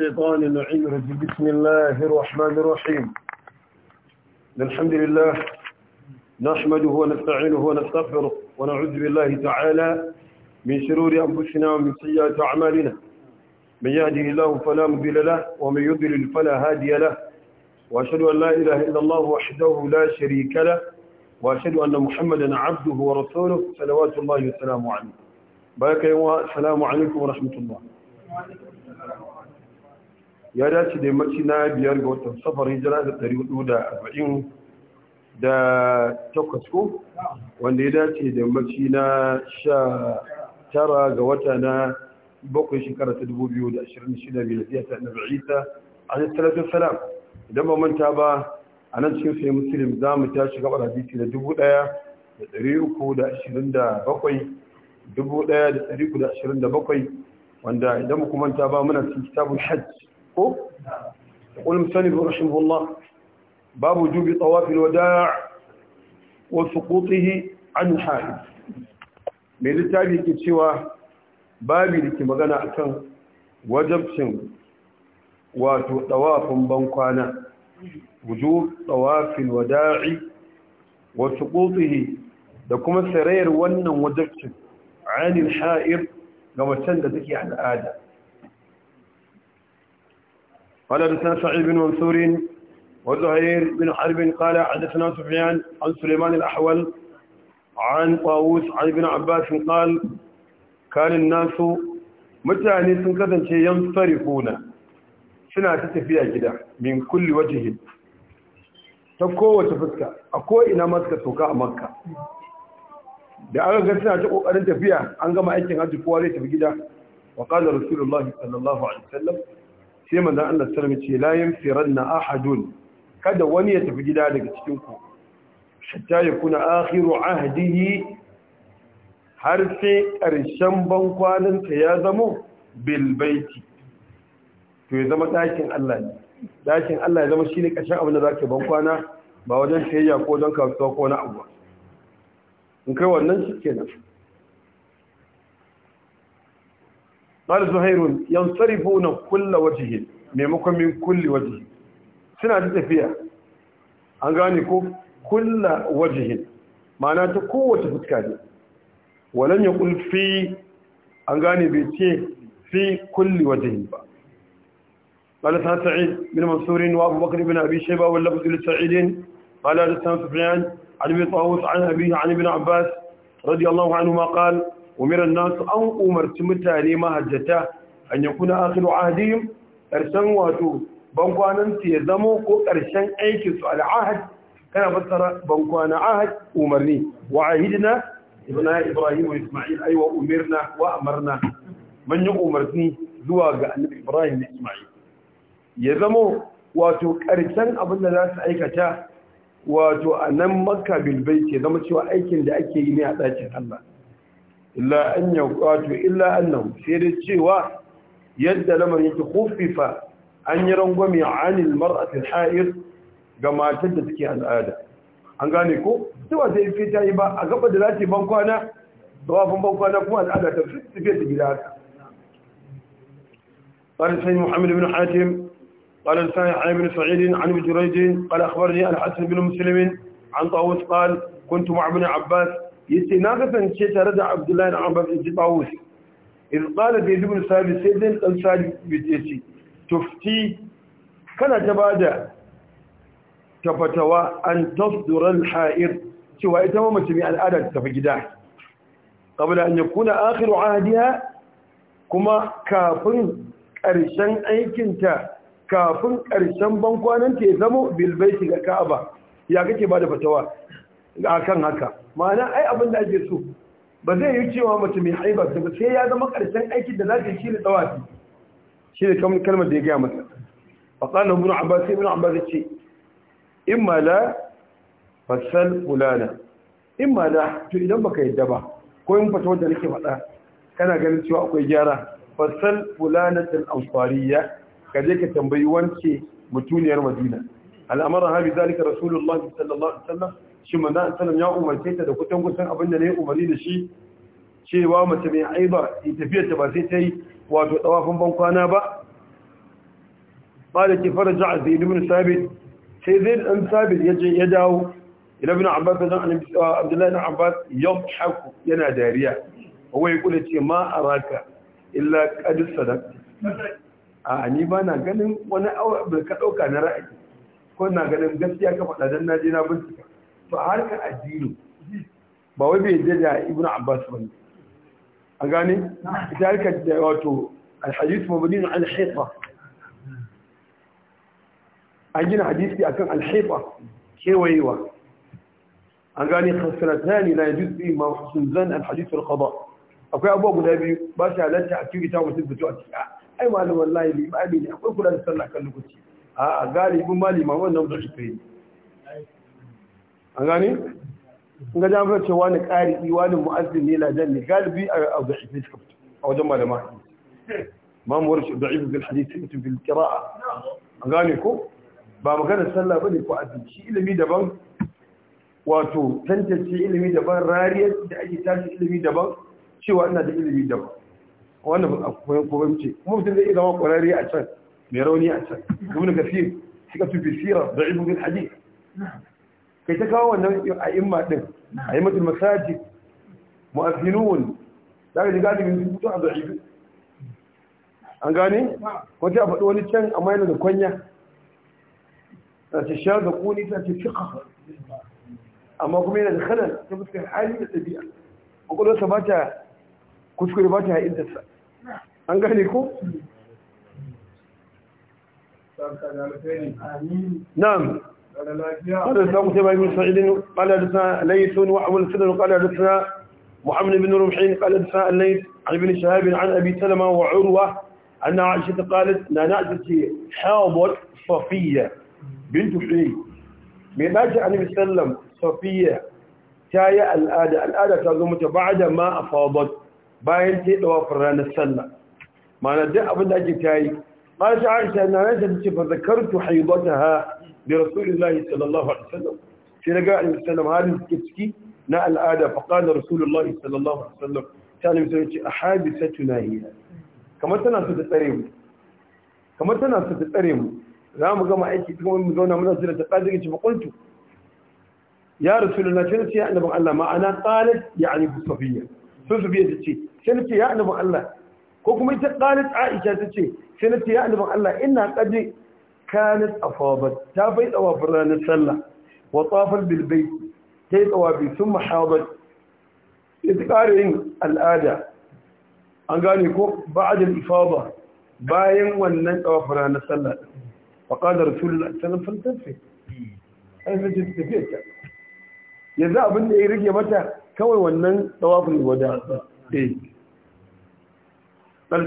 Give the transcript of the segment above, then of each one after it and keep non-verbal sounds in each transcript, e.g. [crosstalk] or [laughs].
الشيطان اللعين رجل بسم الله الرحمن الرحيم الحمد لله نحمده ونستعينه ونستغفره ونعوذ بالله تعالى من شرور أنفسنا ومن سيئات أعمالنا من يهده الله فلا مضل له ومن يضلل فلا هادي له وأشهد أن لا إله إلا الله وحده لا شريك له وأشهد أن محمدا عبده ورسوله صلوات الله وسلامه عليه بارك الله السلام عليكم ورحمة الله ya dace da yammaci na biyar ga watan safar hijira da ɗari hudu da arba'in da takwas ko wanda ya dace da yammaci na sha tara ga wata na bakwai shekara ta dubu biyu da ashirin shida biyar zai ta na ba'ita a yi talatin salam idan ba manta ba a nan cikin sai musulun za mu tashi gabar hadisi da dubu ɗaya da ɗari uku da ashirin da bakwai dubu ɗaya da ɗari uku da ashirin da bakwai wanda idan mu kuma manta ba muna cikin kitabun hajji ko ulmusani bin rahimahullah babu jubi tsawafin wada wa suqutihi an hali mai littafi ke cewa babu da ke magana kan wajabcin wato tsawafin bankwana wujub tsawafin wada'i wasu suqutihi da kuma sarayar wannan wajabcin anil ha'ir ga macen da take al'ada قال حدثنا سعيد بن منصور وزهير بن حرب قال حدثنا سفيان عن سليمان الأحول عن طاووس عن ابن عباس قال كان الناس متاني سنكذن شيء ينصرفون سنة تتفيا جدا من كل وجه تكو وتفكا أكو إنا مكة توكا مكة da aka ga suna ta kokarin tafiya an gama aikin hajji kowa zai tafi gida wa qala rasulullahi sallallahu alaihi wasallam sai manzon Allah sallallahu ce, layin ce na yanfiranna ahadun kada wani ya tafi gida daga cikinku, ku hatta yakuna akhiru ahdihi har sai ƙarshen bankwanin ta ya zamo bil to ya zama dakin Allah ne dakin Allah ya zama shi shine ƙarshen abin da zaka bankwana ba wajen tayayya ko don kasuwa ko na abu in kai wannan shikenan qala zuhairun yansarifuna kullu wajhi maimakon min kulli wajhi suna tafiya an gane ko kullu wajhi ma'ana ta kowace fuska ne walan fi an gane bai ce fi kulli wajhi ba qala sa'id bin mansur wa abu bakr ibn abi shayba wa lafz li sa'id qala sa'id bin ali bin abi ibn abbas radiyallahu anhu ma qala umiran nasu an umarci mutane mahajjata an yakuna akhiru ahdihim karshen wato bankwananta ya zamo ko karshen aikinsu su al'ahad kana fassara bankwana ahad umarni wa ahidna ibna ibrahim wa isma'il aywa umirna wa amarna man yi umarni zuwa ga annabi ibrahim da isma'il ya zamo wato karshen abin da za su aikata wato a nan makka bilbai ke zama cewa aikin da ake yi ne a ɗakin allah illa an wato illa annahu sai da cewa yadda lamarin ta khuffifa an yi rangwame anil mar'atil ha'ir ga matar da take al'ada an gane ko cewa sai fi ta yi ba a gaba da lati ban kwana dawafin ban kwana kuma al'ada ta fi tafiya ta gida haka قال سيد محمد بن حاتم قال الثاني عن ابن سعيد عن ابن جريج قال أخبرني الحسن بن مسلم عن طاووس قال كنت مع ابن عباس yace na kasance tare da Abdullahi da Abbas ibn Tawus in qala bi ibn Sabi sai dan dan Sabi yace tufti kana ta bada tafatawa an tasdura al-ha'ir cewa ita ma mace mai al'ada ta tafi gida qabla an yakuna akhiru ahdiha kuma kafin ƙarshen aikinta kafin ƙarshen bankwananta ya zama bilbaiti ga ka'aba ya kake ba da fatawa ga kan haka ma'ana ai abin da ake so ba zai yi cewa mutum mai haiba ta ba sai ya zama karshen aikin da za ta shi ne tsawafi shi ne kamar kalmar da ya gaya masa a tsanin ibn abbas ibn abbas ya ce in ma la fasal fulana in ma la to idan baka yadda ba ko in fata wanda nake faɗa kana ganin cewa akwai gyara fasal fulana tan ansariya ka je ka tambayi wance mutuniyar madina al'amarin habi zalika rasulullahi sallallahu alaihi wasallam shi manzo sallam ya umarce ta da kutan kusan abinda ne umarni da shi cewa mace mai aiba tafiyar ta ba sai ta yi wato tawafin ban kwana ba ba da ke faraja a ibn sabit sai zai dan sabit ya je ya dawo ila ibn abbas dan ah, abdullahi ibn abbas yadhaku yana dariya wai kula ce ma araka illa qad sadaq a ni ba na ganin wani abu ka dauka na ra'ayi ko na ganin gaskiya ka faɗa dan naje na bincika to a harkar addini ba wai bai je da ibn abbas ba ne a gane ita harkar da wato alhadis mabudin alhaifa an gina hadisi akan alhaifa kewayewa an gane khasratani la yajuz bi ma husn zan alhadith alqada akwai abuwa guda biyu ba su halatta a cikin ta mutum fito a ciki ai malamin wallahi limami ne akwai kula da sallah kan lokaci a galibin malima wannan da shi kai an gane in ga jami'ar cewa ni ƙari'i wani mu'azzin ne ladan ne galibi a za'ifi suka fito a wajen malama ma mu warce za'ifi bil hadisi mutum bil qira'a an gane ko ba magana sallah ba ne ko azumi shi ilimi daban wato tantance ilimi daban rariyar da ake tashi ilimi daban cewa ina da ilimi daban wannan akwai koyon ce kuma mutum zai zama kwararre a can mai rauni a can ibn kafir suka tufi sirar za'ifi bil hadisi kai ta kawo wannan a'imma din a'immatul masajid mu'azzinun daga ji galibin min mutu a da'ibi an gane wata a faɗi wani can amma yana da kwanya ta ce sha da kuni ta ce fiƙa amma kuma yana da kanan ta fuskar hali da ɗabi'a ƙwaƙwalwarsa ba ta kuskure ba ta ha'intarsa an gane ko na'am قال حدثنا قتيبة بن سعيد قال حدثنا ليث وحول السنن قال حدثنا محمد بن رمحين قال حدثنا الليث عن ابن شهاب عن ابي سلمة وعروة ان عائشة قالت لا نعجتي حاضر صفية بنت حنين من باجة عن ابي سلم صفية تايا الآدة الآدة تزمت بعد ما أفاضت باين تيدوا فران السنة ما ندع أبدا جتاي قال عائشة أن عائشة فذكرت حيضتها da rasulullahi sallallahu alaihi wasallam sai daga annabi sallallahu halin suke ciki na al'ada fa qala rasulullahi sallallahu alaihi wasallam ta annabi sai ce ahabisatuna hiya kamar tana so ta tsare mu kamar tana so ta tsare mu za mu gama aiki kuma mu zauna muna jira ta kaji ce makuntu ya rasulullahi sai ya annabin Allah ma'ana qalat ya'ni safiya sun su biya ta ce sai nace ya annabin Allah ko kuma ita qalat Aisha ta ce sai nace ya annabin Allah ina kaje كانت أفاضت تافيت أوافران السلة وطافت بالبيت تيت أوافي ثم حاضت إذكارين الآدى قال يقول بعد الإفاضة باين ونن أوافران السلة فقال رسول الله صلى الله عليه السلة فلتنفت أين فلتنفت يذهب أن يرجع متى كوي ونن توافل الوداع بل إيه.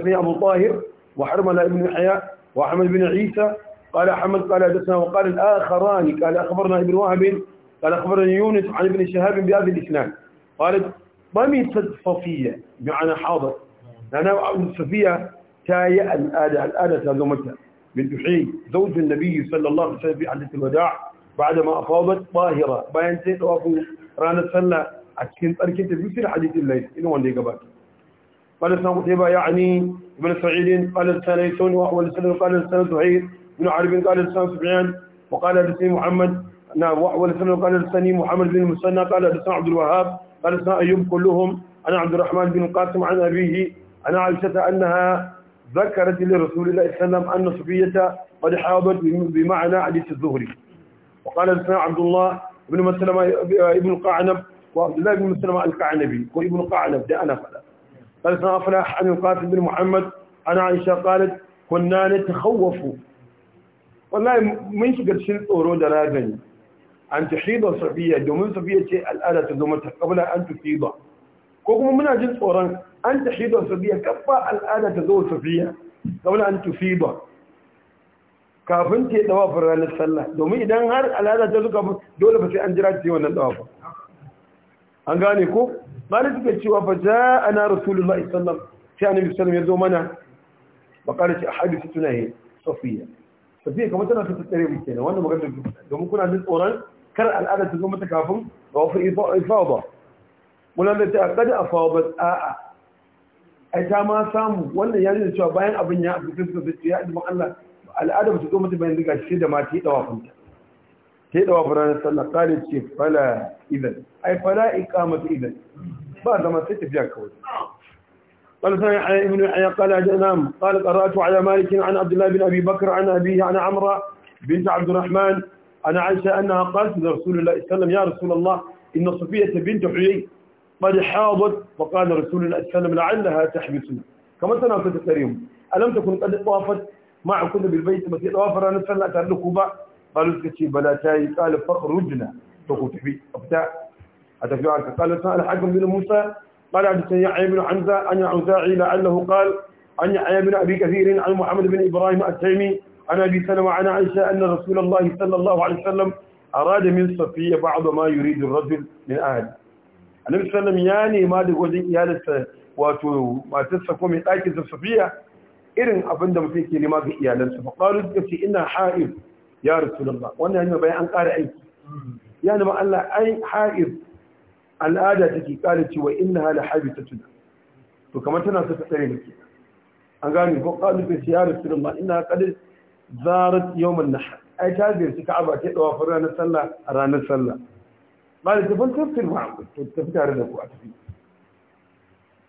في أبو طاهر وحرمنا ابن حياء وحمد بن عيسى قال أحمد قال حدثنا وقال الآخران قال أخبرنا ابن وهب قال أخبرنا يونس عن ابن شهاب بهذا الإسلام قالت ضمست صفية بمعنى حاضر أنا صفية تايا الآلة الآلة تازمتها بنت حي زوج النبي صلى الله عليه وسلم في حديث الوداع بعدما أفاضت طاهرة بيان سيد وأبو رانا سنة أكين أركين تبيسير حديث الليل إنه وندي قباك قال سنة قطيبة يعني ابن سعيد قال السنة يسون وأحوال السنة قال السنة زهير بن عربي قال لسان سبعين وقال لسان محمد نعم ولسان قال لسان محمد بن المسنى قال لسان عبد الوهاب قال لسان أيوب كلهم أنا عبد الرحمن بن القاسم عن أبيه أنا عائشة أنها ذكرت لرسول الله صلى الله عليه وسلم أن صفية قد حاضت بمعنى حديث الزهري وقال لسان عبد الله بن مسلمة ابن قعنب وعبد الله بن مسلمة القعنبي وابن قعنب ده أنا فلا قال لسان أفلاح عن القاسم بن محمد أنا عائشة قالت كنا نتخوف wallahi mun shiga cikin tsoro da ragani an tuhida safiya domin safiya ce al'ada ta zama ta kabla an tuhida ko kuma muna jin tsoron an tuhida safiya kafa al'ada ta zo safiya kabla an tuhida kafin ta yi dawafin ranar sallah domin idan har al'ada ta zuka dole ba sai an jira ta yi wannan dawafin an gane ko malin suka cewa fa ja ana rasulullah sallam sai annabi sallam ya zo mana bakar ce a hadisi tunaye safiya tafiya kamar tana ta tsare mu kenan wannan magana domin kuna jin tsoron kar al'ada ta zo mata kafin ba wafi ifawa ba muna da ta kada a ba a'a ai ta ma samu wannan ya da cewa bayan abin ya abu sai suka ya addu'a Allah al'ada ba ta zo mata bayan daga shi da ma ta yi dawafin ta ta yi dawafin ranar sallah kare ce fala idan ai fala iqamatu idan ba zama sai tafiya kawai قال سمع ابن يحيى قال نعم قال قرأت على مالك عن عبد الله بن أبي بكر عن أبيه عن عمرة بنت عبد الرحمن عن عائشة أنها قالت لرسول الله صلى الله عليه وسلم يا رسول الله إن صفية بنت حيي قد حاضت فقال رسول الله صلى الله عليه وسلم لعلها تحبس كما سنعطي الكريم ألم تكن قد طافت مع كنا بالبيت بس طافر أنا سنة أتعلقوا بقى قالوا سكتشي بلا تاي قال فخرجنا تقول تحبي أبتاع قال الحاكم بن موسى قال حدثني يحيى بن حمزة عن الأوزاعي لعله قال عن يحيى بن أبي كثير عن محمد بن إبراهيم التيمي عن أبي سلمة عن عائشة أن رسول الله صلى الله عليه وسلم أراد من صفية بعض ما يريد الرجل من أهل النبي صلى الله عليه وسلم يعني ما دي wajen يا لسه واتو ما mai من sa safiya إرن abin da mutum ke يا ga iyalansa fa qalu suka ce ina ha'ir ya rasulullah بيان yana يعني ما ƙara aiki ya al'ada take kare cewa inna hala habita tuna to kamar tana so ta tsare miki an gane ko qalu fi ya rasulullah inna qad zarat yawm an-nahr ai ta ziyarci ka'aba ta dawa fa ranar sallah a ranar sallah ba da tafin tafsir ma to tafi tare da ku a tafi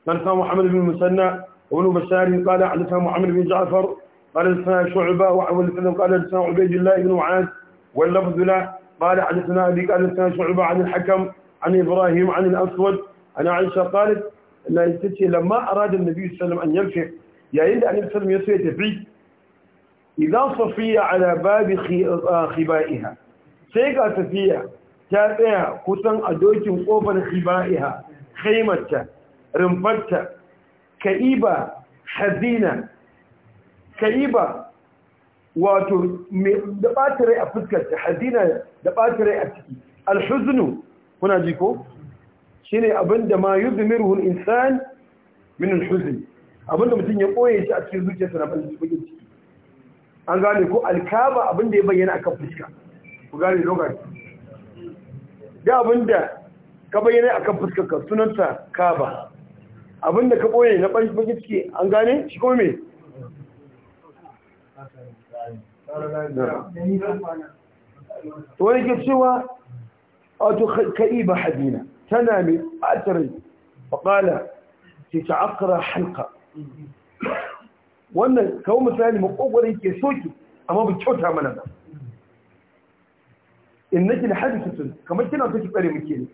man sa muhammad bin musanna وابن بشار قال حدثنا محمد بن جعفر قال حدثنا شعبة وأول سلم قال حدثنا عبيد الله بن معاذ واللفظ له قال حدثنا أبي قال حدثنا شعبة عن الحكم عن إبراهيم عن الأسود عن عائشة قالت لا يستطيع لما أراد النبي صلى الله عليه وسلم أن يمشي يعني أن النبي صلى الله عليه وسلم إذا صفية على باب آه، خبائها سيقى صفية تابعها كتن أدوكم قوفا خبائها خيمتها رمبتها كئيبة حزينة كئيبة wato da ɓata حزينه a fuskarta الحزن kuna ji ko shine abinda ma yudmiruhu al-insan min al-huzn abinda mutum ya koye shi a cikin zuciyarsa na cikin ciki an gane ko alkaba abinda ya bayyana akan fuska ku gane lokaci da abinda ka bayyana akan fuskar ka sunanta kaba abinda ka koye na cikin ciki an gane shi kuma me to wani ke cewa كئيب حدينا تنامي أتري فقال تتعقر حلقة وأن كوم ثاني مقبول يسوي أما بتشوتها من هذا النجي الحديثة كما تنا تكبر مكين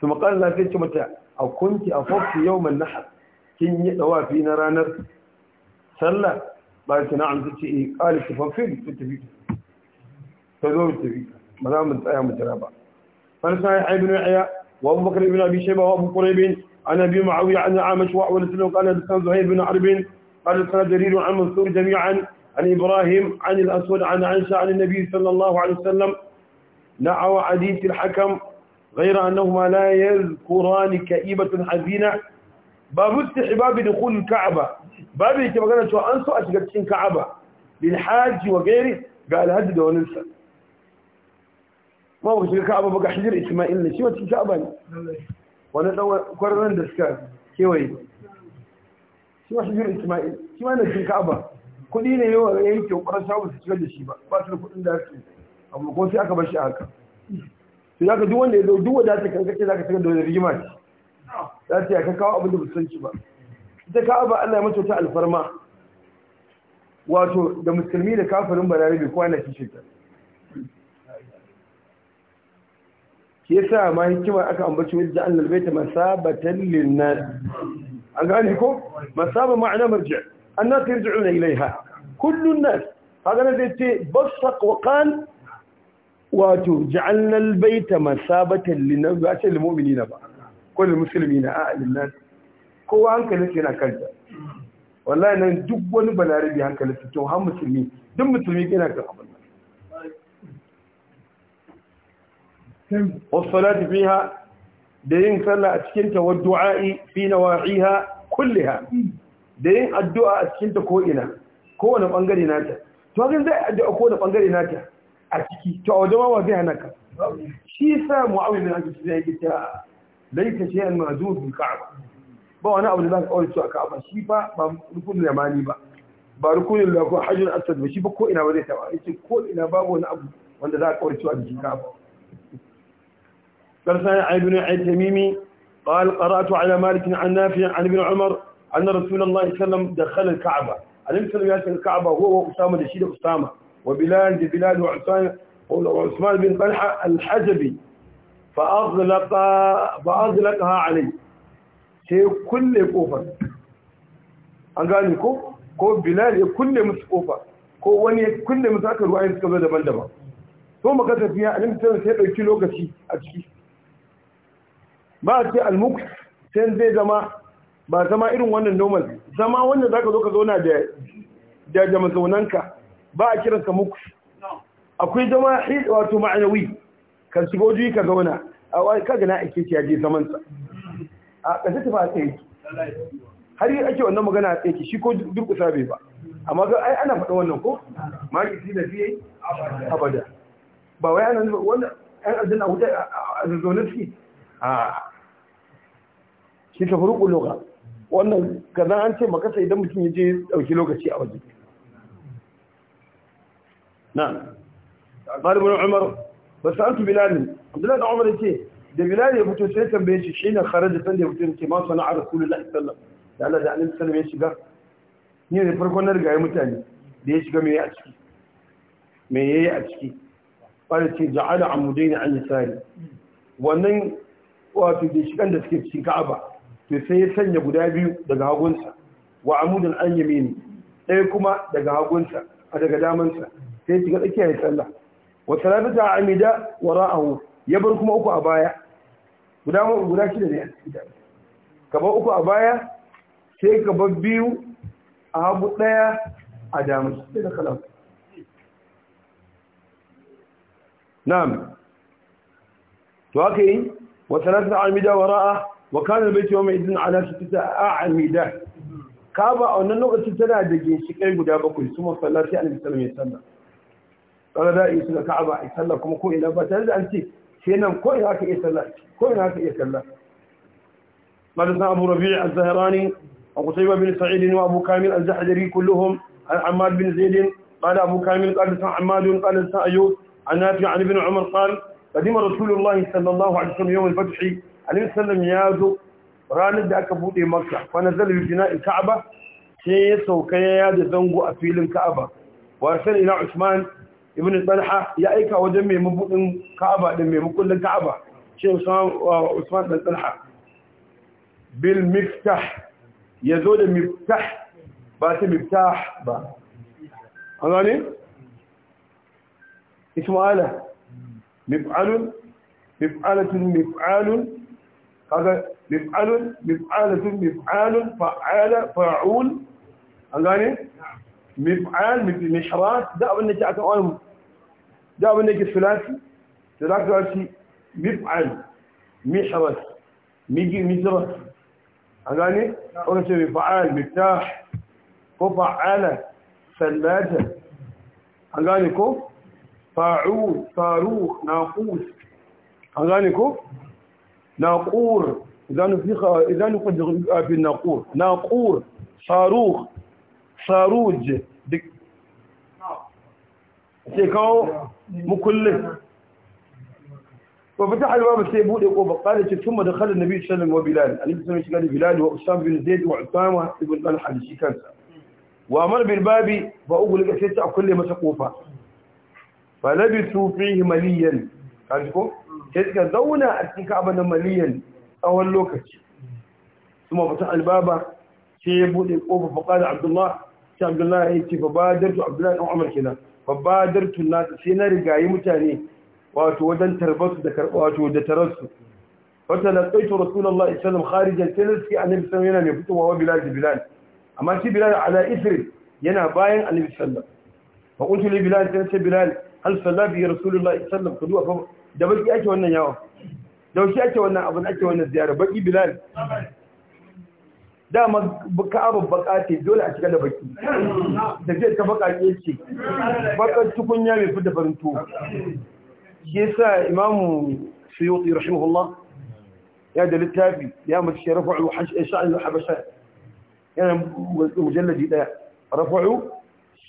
ثم قال لا تنسى متى أو كنت أفوق يوم النحر كن يدوى في نرانر صلى قال نعم تنسى قال تفوق في تنسى فيك فذوب تنسى مدام أيام الجرابة عن صحيح بن يحيى وابو بكر بن ابي شيبه وابو قريب عن ابي معاويه عن عامش واول سلم قال حدثنا زهير بن حرب قال حدثنا جرير عن منصور جميعا عن ابراهيم عن الاسود عن عائشه عن النبي صلى الله عليه وسلم نحو حديث الحكم غير انهما لا يذكران كئيبه حزينه باب استحباب دخول الكعبه باب يتبغى ان سو اشغل الكعبه للحاج وغيره قال هدد وننسى kuma ba ku shiga ka'aba ba ga hijir isma'il ne shi wata ka'aba ne wani dan kwararren da suka kewaye shi ma hijir isma'il shi ma yana cikin ka'aba kuɗi ne yau ya yi kyau samun su shigar da shi ba ba su da kuɗin da su amma ko sai aka bar shi haka to za ka duk wanda ya zo duk wanda kan kankace za ka shigar da wani rigima ce za ta yi ka kawo abin da ba san shi ba ita ka'aba Allah ya mace ta alfarma wato da musulmi da kafirin balarabe kowa na shi ta shi yasa ma hikima aka ambaci wajen an lalbaita masabatan linnas an gane ko masaba ma'ana marji annas ilai ha kullun nas haka nan zai ce basaq wa kan wato ja'alna albayta masabatan linnas ba ce na ba ko Musulmi na, a linnas kowa hankalin yana kanta wallahi nan duk wani balarabi su to har musulmi duk musulmi yana kan abin wasalati biha da yin sallah a cikin ta wadu'a'i fi nawa'iha kullaha da yin addu'a a cikin ta ko ina ko wani bangare nata to kin zai addu'a ko bangare nata a ciki to a wajen ma zai hanaka shi sa mu'awiz bin abi sufyan yake ta laita shay'an ma'zuz bil ka'ba ba wani abu da zaka kawo shi a ka'ba shi fa ba rukunin yamani ba ba rukunin la ko hajjul asad ba shi ba ko ba zai taba yace ko ina babu wani abu wanda zaka kawo shi a cikin ka'ba فرسان عن ابن عثميمي قال قرأت على مالك عن نافع عن ابن عمر أن رسول الله صلى الله عليه وسلم دخل الكعبة عليه السلام يأتي الكعبة هو واسامه الشيد أسامة وبلال بلال وعثمان وعثمان بن طلحة الحجبي فأغلق فأغلقها عليه شيء كل كوفة قال كو كو بلال كل مسكوفة كو وني كل مساكر وعين سكبه دبان دبان ثم قتل فيها علم سلم سيئة كيلوغة شيء أجيب ba a ce almuk sai zai zama ba zama irin wannan normal zama wanda zaka zo ka zauna da da jama'a zaunanka ba a kiransa muk akwai zama wato ma'anawi kan shigo ji ka zauna a wai kaga na ake ciya je zaman sa a kace ta ba sai har yi ake wannan magana a tsaki shi ko durkusa bai ba amma ga ai ana faɗa wannan ko maki fi da fiye abada ba wai ana wannan ɗan aljanna a wuta a zazzaune suke shi ta furuƙu loka wannan kazan an ce makasa idan mutum ya je dauki lokaci a waje na ɗalibin umar ba sa antu bilalin abdullahi da umar ce da bilal ya fito sai tambaye shi shi ne kare da sanda ya fito ce ma sana'a rasulullah sallam da Allah da alim sallam ya shiga ni ne farkon na rigaye mutane da ya shiga me a ciki me yayi a ciki fara ce ja'ala amudaini an yasari wannan wato da shigan da suke cikin Ka'aba to sai ya sanya guda biyu daga hagunsa wa amudin an yamini ɗaya kuma daga hagunsa a daga damansa sai shiga tsakiya ya sallah wa salatu a amida wa ra'ahu ya bar kuma uku a baya guda guda shida ne ka bar uku a baya sai ka bar biyu a hagu ɗaya a damansa sai da kalam na'am to haka yi wa sanata a amida wa ra'ahu وكان البيت يومئذ على ستة أعمدة كابا أن النغة تتلع دجين شكاين قد يابكوي ثم صلى الله عليه وسلم يسلم قال لا يسلم كعبا يسلم كم كوي نبات هل أنت سينام كوي هاك يسلم كوي هاك يسلم ماذا أبو ربيع الزهراني أبو سيبا بن سعيد وأبو كامل الزحجري كلهم عماد بن زيد قال أبو كامل قال سعى عماد قال سعى أيوب عن نافع عن ابن عمر قال قدم رسول الله صلى الله عليه وسلم يوم الفتح alaihi sallam ya zo ranar da aka bude makka fa nazala bi bina'i ka'aba sai ya sauka ya da zango a filin ka'aba wa sai ila usman ibn talha ya aika wajen mai mabudin ka'aba din mai makullin ka'aba shi usman dan talha bil miftah ya zo da miftah ba ta miftah ba an gane isma'ala mif'alun mif'alatun mif'alun هذا مفعل مفعالة مفعال فعال فعول أنقاني مفعال مشرات ده أبنى جاءت أعلم ده أبنى جاءت ثلاثي ثلاثي ثلاثي مفعال مشرات ميجي مزرات أنقاني أقول مفعال مفتاح وفعالة ثلاثة أنقاني كو فاعول صاروخ ناقوس أنقاني كو naqur idan fiha idan fajr bi naqur naqur saruj saruj dik sai kawo mukulli ba fita halwa ba sai bude ko ba kada ce da khalil nabi sallallahu alaihi wa sallam wa bilal alaihi wasallam bilal wa usam bin zaid wa usama ibn talha shi kansa wa amar babi ba ugul ka sai ta kulle masa kofa fa labisu fihi maliyan kaji ko sai suka zauna a cikin ka'aba na maliyan tsawon lokaci kuma fata albaba sai ya bude kofa fa qala abdullah sai abdullah ya ce fa badartu abdullah ɗan umar kenan fa badartu nas sai na rigayi mutane wato wajen tarbasu da karba wato da tarassu wata laqaitu rasulullah sallallahu alaihi wasallam kharijan sai naski annabi Sallam yana mai fitowa wa bilal da bilal amma shi bilal ala isri yana bayan annabi sallallahu fa qultu li bilal sai bilal hal salla bi rasulullah sallallahu alaihi wasallam kudu da baki ake wannan yawa da baki ake wannan abin ake wannan ziyara baki bilal dama ka'aba baka ce dole a shiga da baki da zai ta baka ke ce bakar tukunya mai fi da farin tuwo shi yasa imamu suyuti rahimahullah ya da littafi ya mace shi rafa'u sha'anin habasha yana mujallaji daya rafa'u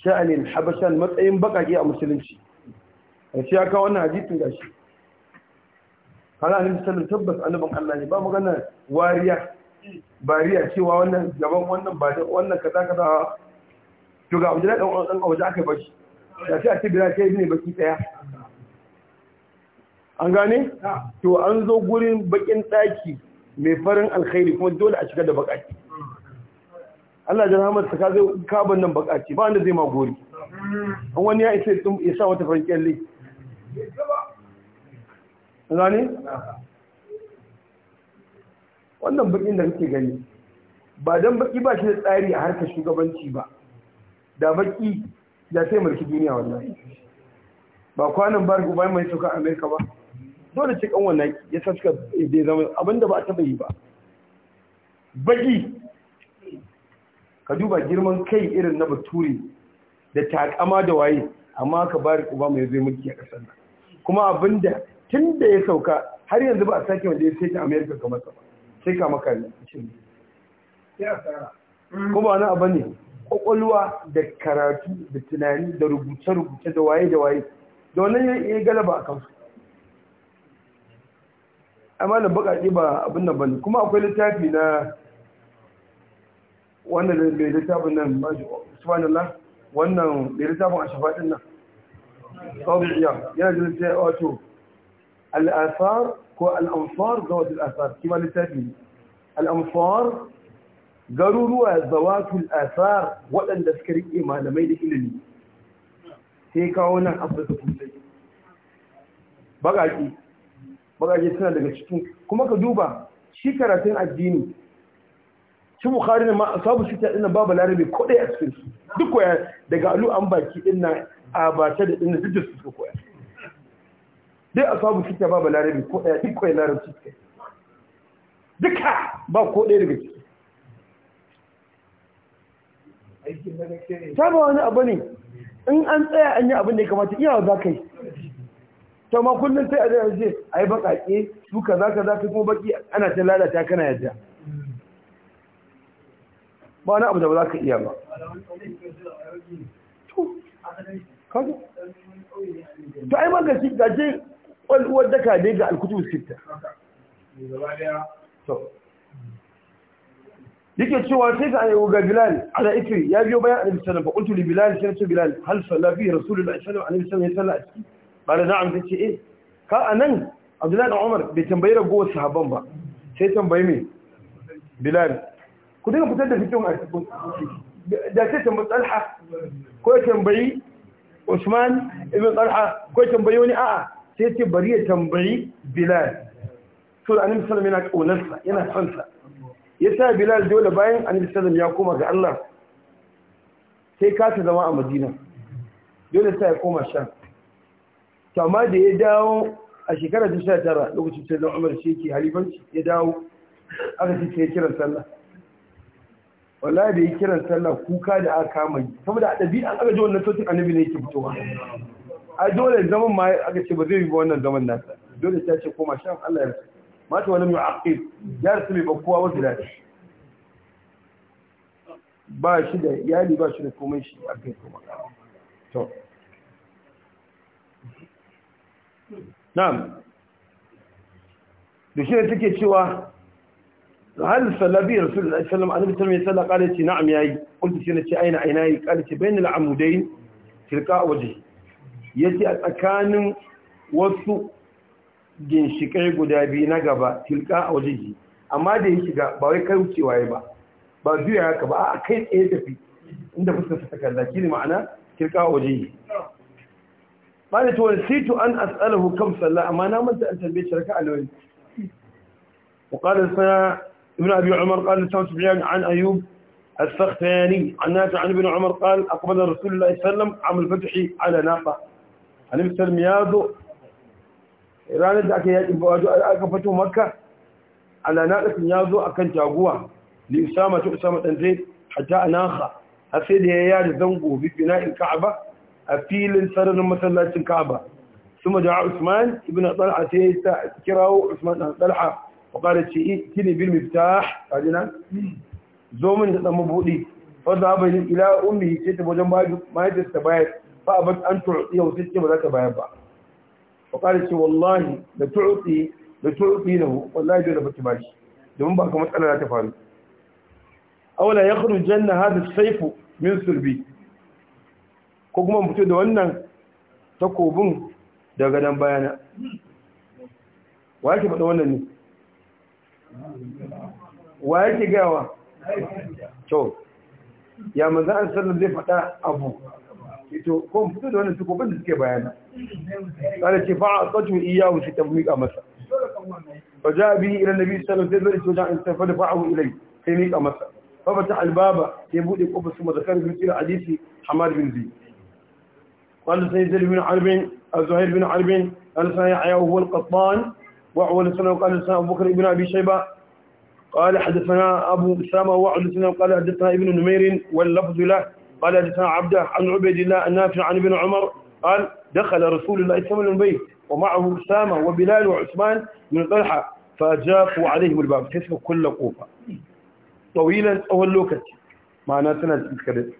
sha'anin habasha matsayin bakake a musulunci a shi ya kawo wannan tun gashi kana annabi sallallahu tabbas annabin Allah ne ba magana wariya bariya cewa wannan gaban wannan ba wannan kaza kaza to ga wajen dan dan waje aka shi da ce a ce bira kai ne baki daya an gane to an zo gurin bakin daki mai farin alkhairi kuma dole a shiga da bakaci Allah ya rahama ta kaza kaban nan bakaci ba wanda zai magori an wani ya isa ya sa wata farin kyalle Zane, wannan baƙin da kake gani ba don baƙi ba shi da tsari a harkar shugabanci ba da baƙi ya sai mulki duniya wannan, ba kwanan ba Obama mai sauka Amerika ba dole ce kan wannan ya sa suka bai zama abinda ba a taba yi ba Baƙi, ka duba girman kai irin na bature da takama da waye amma ka ba Obama ya zai mulki a ƙasar nan kuma abinda tun da ya sauka har yanzu ba a sake wanda ya sai ta amerika kamar ba sai ka maka ne kuma wani abu ne kwakwalwa da karatu da tunani da rubuce-rubuce da waye da waye da wannan ya yi galaba a kansu amma da bakaɗi ba abin nan bane kuma akwai littafi na wannan mai littafin nan subhanallah wannan mai littafin a shafaɗin nan sauriya yana jirgin sai wato al'asar ko al'amfar zawatul asar kima littafi al'amfar garuruwa zawatul asar waɗanda suka riƙe malamai da ilimi sai kawo nan afirka turai bagaƙi bagaƙi suna daga cikin kuma ka duba shi karatun addini shi bukari ma sabu shi ta ɗina babu larabe ko dai a cikinsu duk koya daga alu an baki ɗina a bace da ɗina duk da su koya dai a samu suke ba ba larabi ko ɗaya duk kwai larabci suke duka ba ko ɗaya daga ciki ta ba wani abu ne in an tsaya an yi abin da ya kamata iyawa za ka yi ta ma kullum sai a zai ce a yi baƙaƙe suka za ka za ka kuma baƙi ana ta lalata kana yadda ba wani abu da ba za ka iya ba to ai magashi gaje ƙwalwar daka dai ga alkutubu sita yake cewa sai ka ayyau ga bilal ala ikiri ya biyo bayan annabi sallam fa qultu li bilal sai ce bilal hal salla fi rasulullahi sallallahu alaihi wasallam ya salla a ciki bare na'am sai ce eh ka anan abdullahi da umar bai tambayi ragowar sahabban ba sai tambayi me bilal ku dinga fitar da fikin a cikin da sai tambayi talha ko tambayi usman ibn talha ko tambayi wani a'a sai ce bari ya tambayi bilal to annabi sallallahu yana kaunarsa yana fansa ya sa bilal dole bayan annabi sallallahu ya koma ga Allah sai ka ta zama a madina dole sai ya koma shan to amma da ya dawo a shekarar 19 lokacin sai zan Umar shi ke halifanci ya dawo aka ce sai kiran sallah wallahi da yi kiran sallah kuka da aka mai saboda a ɗabi'an aka ji wannan sautin annabi ne yake fitowa a dole zaman ma aka ce ba zai yi wannan zaman nasa dole ta ce koma shan Allah ya mata wani mai aqid ya su mai bakuwa wasu da ba shi da iyali ba shi da komai shi a kai koma to na'am da shi ne take cewa hal salabi rasul sallallahu alaihi wasallam ya sallaka ce na'am yayi kullu shi ne ce aina aina yi kalce bainal amudai tilka wajhi yace a tsakanin wasu ginshikai guda biyu na gaba tilka a wajeji amma da ya shiga ba wai kai wucewa ya ba ba zuwa haka ba a kai tsaye tafi inda fuskar ta kalla shi ne ma'ana tilka a wajeji ba da tuwa situ an as'alahu kam sallah amma na manta an tambaye shi raka alawai وقال سنا ابن أبي عمر قال سنا سبحان عن أيوب السختاني عن نافع عن ابن عمر قال أقبل رسول الله صلى الله عليه وسلم عام الفتح على ناقة annabi sallam ya zo ranar da aka yaƙi aka fito makka ala naqatin ya zo kan taguwa da usama ta usama dan a hatta anaha har sai da ya yada zango bibina in ka'aba a filin sararin masallacin ka'aba ثم دعا عثمان ابن طلحة كراو عثمان بن طلحة وقال ائتني بالمفتاح قالنا زومن ده مبودي فذهب الى امه تيت وجن ما ta bayar. a abin an tu'ti yau sai ce ba za ka bayar ba fa kare ce wallahi da tu'ti da tu'ti da wallahi dole ba shi bashi domin ba ka matsala ta faru awla yakhrujanna hadha da saifu min sulbi ko kuma mu da wannan takobin daga nan bayana wa yake faɗa wannan ne wa yake gawa ya manzo an sallar zai faɗa abu to ko mu fito da wannan tukubin da suke bayana kada ce fa qatu iyyahu shi tabmiqa masa fa ja bihi ila nabi sallallahu alaihi wasallam sai an tafa da fa'ahu ilai sai miƙa masa fa fata albaba sai bude kofar su mazakar bin tsira hadisi hamad bin zi قال سيد بن حرب الزهير بن حرب قال سيد عياه هو القطان وعول سنة وقال سنة أبو بكر بن أبي شيبة قال حدثنا أبو أسامة وعول سنة وقال حدثنا ابن نمير واللفظ له قال حدثنا عبده عن عبيد الله النافع عن ابن عمر قال دخل رسول الله صلى الله عليه وسلم البيت ومعه أسامة وبلال وعثمان من طلحة فأجافوا عليهم الباب كسروا كل قوفة طويلا أول لوكت معناته سنة تذكرت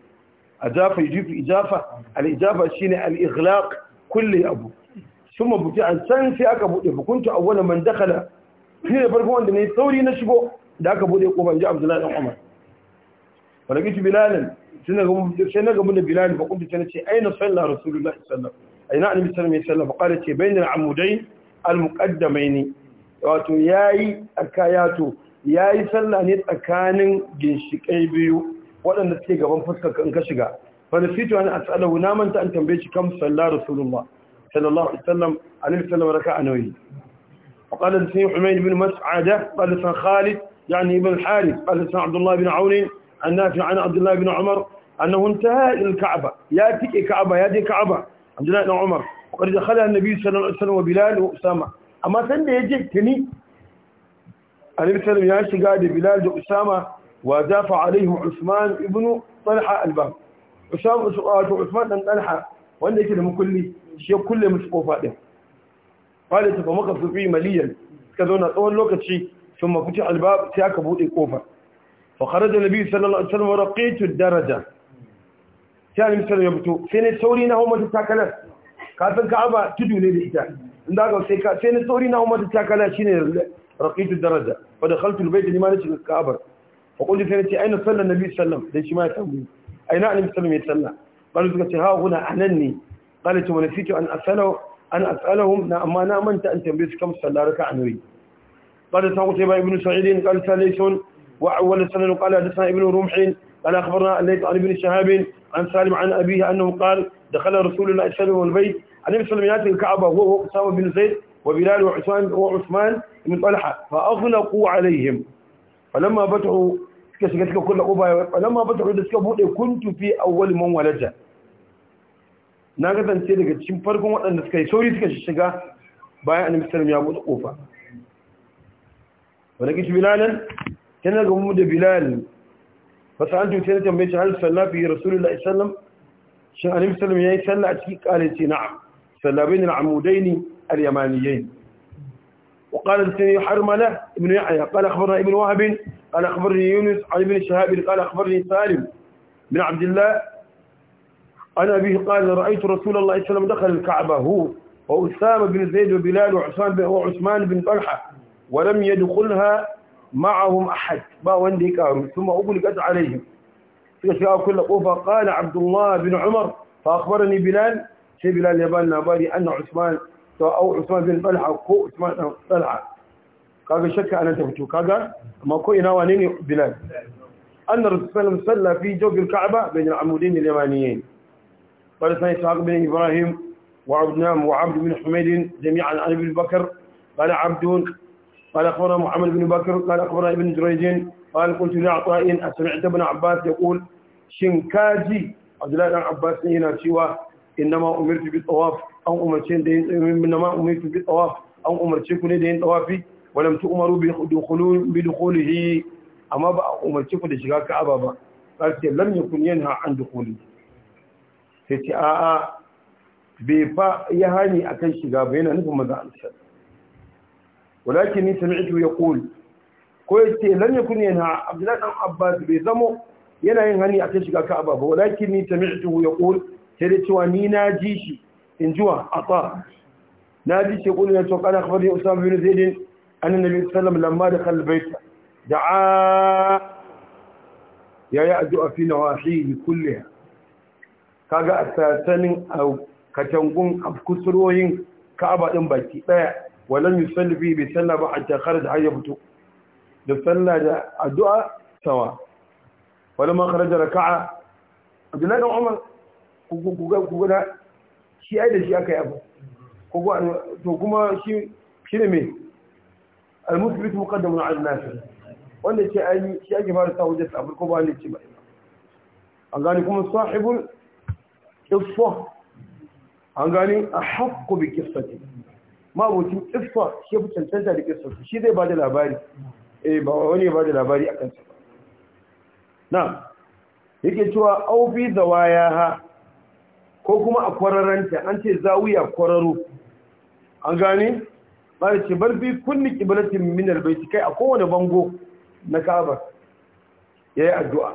أجافة يجيب إجافة الإجافة شين الإغلاق كل أبو ثم بتاع سن في أكبر فكنت أول من دخل هنا فرقوا عندنا ثوري نشبه ده أكبر يقوم جاء عبد الله بن عمر ولقيت بلالا sai na gamu da bilal ba kuntu tana ce aina sallah rasulullah sallam aina annabi sallam ya sallah faqala ce bainal amudai almuqaddamaini wato yayi akayato yayi sallah ne tsakanin ginshikai biyu waɗanda suke gaban fuskar kan ka shiga fa nasitu an as'alahu na manta an tambaye shi kam sallah rasulullah sallallahu alaihi wasallam annabi sallam raka'a nawawi وقال لسان حميد بن مسعدة قال لسان خالد يعني ابن الحارث قال لسان عبد الله بن عون النافع عن عبد الله بن عمر أنه انتهى إلى الكعبة يا تكي كعبة يا دي كعبة عبد الله بن عمر وقد دخلها النبي صلى الله عليه وسلم وبلال وأسامة أما سند يجي تني النبي صلى الله عليه وسلم يا شقاد بلال وأسامة ودافع عليهم عثمان ابن طلحة الباب عثمان عثمان بن طلحة wanda yake da makulli shi ya kulle musu kofa din fara tafa maka sufi maliyan suka zauna tsawon lokaci sun mafuci albab sai aka bude kofa فخرج النبي صلى الله عليه وسلم ورقيت الدرجة كان مثلا يبتو سين سوري نهو ما تتاكلا كافن كعبا تدو لي لإتا انداغو سيكا سين سوري نهو ما تتاكلا شين رقيت الدرجة فدخلت البيت اللي ما نشي الكعبة فقلت سينتي أين صلى النبي صلى الله عليه وسلم ليش ما يتمني أين النبي صلى الله عليه وسلم قالوا لك ها هنا أحنني قالت ونسيت أن أسأله أن أسألهم ما نامنت أمنت أن تنبيس كم صلى ركع نريد قال سنقتبا ابن سعيد قال ثالث وأول سنن قال حدثنا ابن رمح قال أخبرنا الليث عن ابن شهاب عن سالم عن أبيه أنه قال دخل رسول الله صلى الله عليه وسلم البيت النبي صلى الكعبة هو أسامة بن زيد وبلال وعثمان وعثمان بن طلحة فأغلقوا عليهم فلما فتحوا كسكتك كل قبا فلما فتحوا دسكبوا كنت في أول من ولد na سيدي daga cikin farkon waɗanda suka yi sauri suka shiga bayan annabi sallallahu alaihi wasallam ya buɗe كان na بلال da bilal fasa an tuce na tambaye shi hal sallah fi rasulullahi sallam shin annabi sallam yayi sallah a cikin اليمانيين ce na'am al وقال السني حرملة ابن يحيى قال أخبرنا ابن وهب قال أخبرني يونس عن ابن شهاب قال أخبرني سالم بن عبد الله أنا به قال رأيت رسول الله صلى الله عليه وسلم دخل الكعبة هو وأسامة بن زيد وبلال وعثمان بن, وعثمان بن طلحة ولم يدخلها معهم أحد ما وندي كامل ثم أغلقت عليهم في فشاء كل قوفة قال عبد الله بن عمر فأخبرني بلال شيء بلال يبالنا بالي أن عثمان أو عثمان بن طلحة أو عثمان بن طلحة قال شك أنا تفتو قال ما كوئنا وانيني بلال أن رسول الله صلى في جوف الكعبة بين العمودين اليمانيين قال سنة إسحاق بن إبراهيم وعبد نام وعبد بن حميد جميعا عن أبي بكر قال عبدون قال أخبرنا محمد بن بكر قال أخبرنا ابن جريج قال قلت لعطاء أسمعت ابن عباس يقول شنكاجي عبد الله بن عباس هنا شوى إنما أمرت بالطواف أو أمرتين دين إنما أمرت بالطواف أو أمرتكم دين طوافي ولم تؤمروا بدخول بدخوله أما بقى أمرتكم لشغال كعبة بقى قالت لم يكن ينهى عن دخوله sai ce a'a bai fa ya hani akan shiga ba yana nufin maza an ولكني سمعته يقول كويس لم يكن ينهى عبد الله بن عباس بيزمو yana yin hani a ta shiga ka'aba ba walakin ni ta sami'tuhu yaqul sai da cewa ni na ji shi in jiwa ata na ji shi kullu ya to kana khabari usama bin zaid anna nabi sallam lamma da dakhala Da a, ya ya addu'a fi nawahihi kulliha kaga asasanin katangun afkusuroyin ka'aba din baki ɗaya. walam yusalli fi bi salla ba hatta kharaj hayya fito da salla da addu'a sawa walamma da raka'a Abdullahi dan Umar ku ga ku ga shi ai da shi aka yi abu ko to kuma shi ne mai al-musbit muqaddamun 'ala an-nafi wanda ce ai shi ake fara sa wajen abu ko ba ne ce ba an gani kuma sahibul qissa an gani a ahaqqu bi qissati mabocin ƙisfa shi fi cancanta da ƙisfa shi zai ba da labari eh ba wani ba da labari a kansa ba na yake cewa aufi waya ha ko kuma a kwararanta an ce zawuya kwararo an gani ba da ce barfi kunni kiblatin minar bai kai a kowane bango na ka'aba ya yi addu'a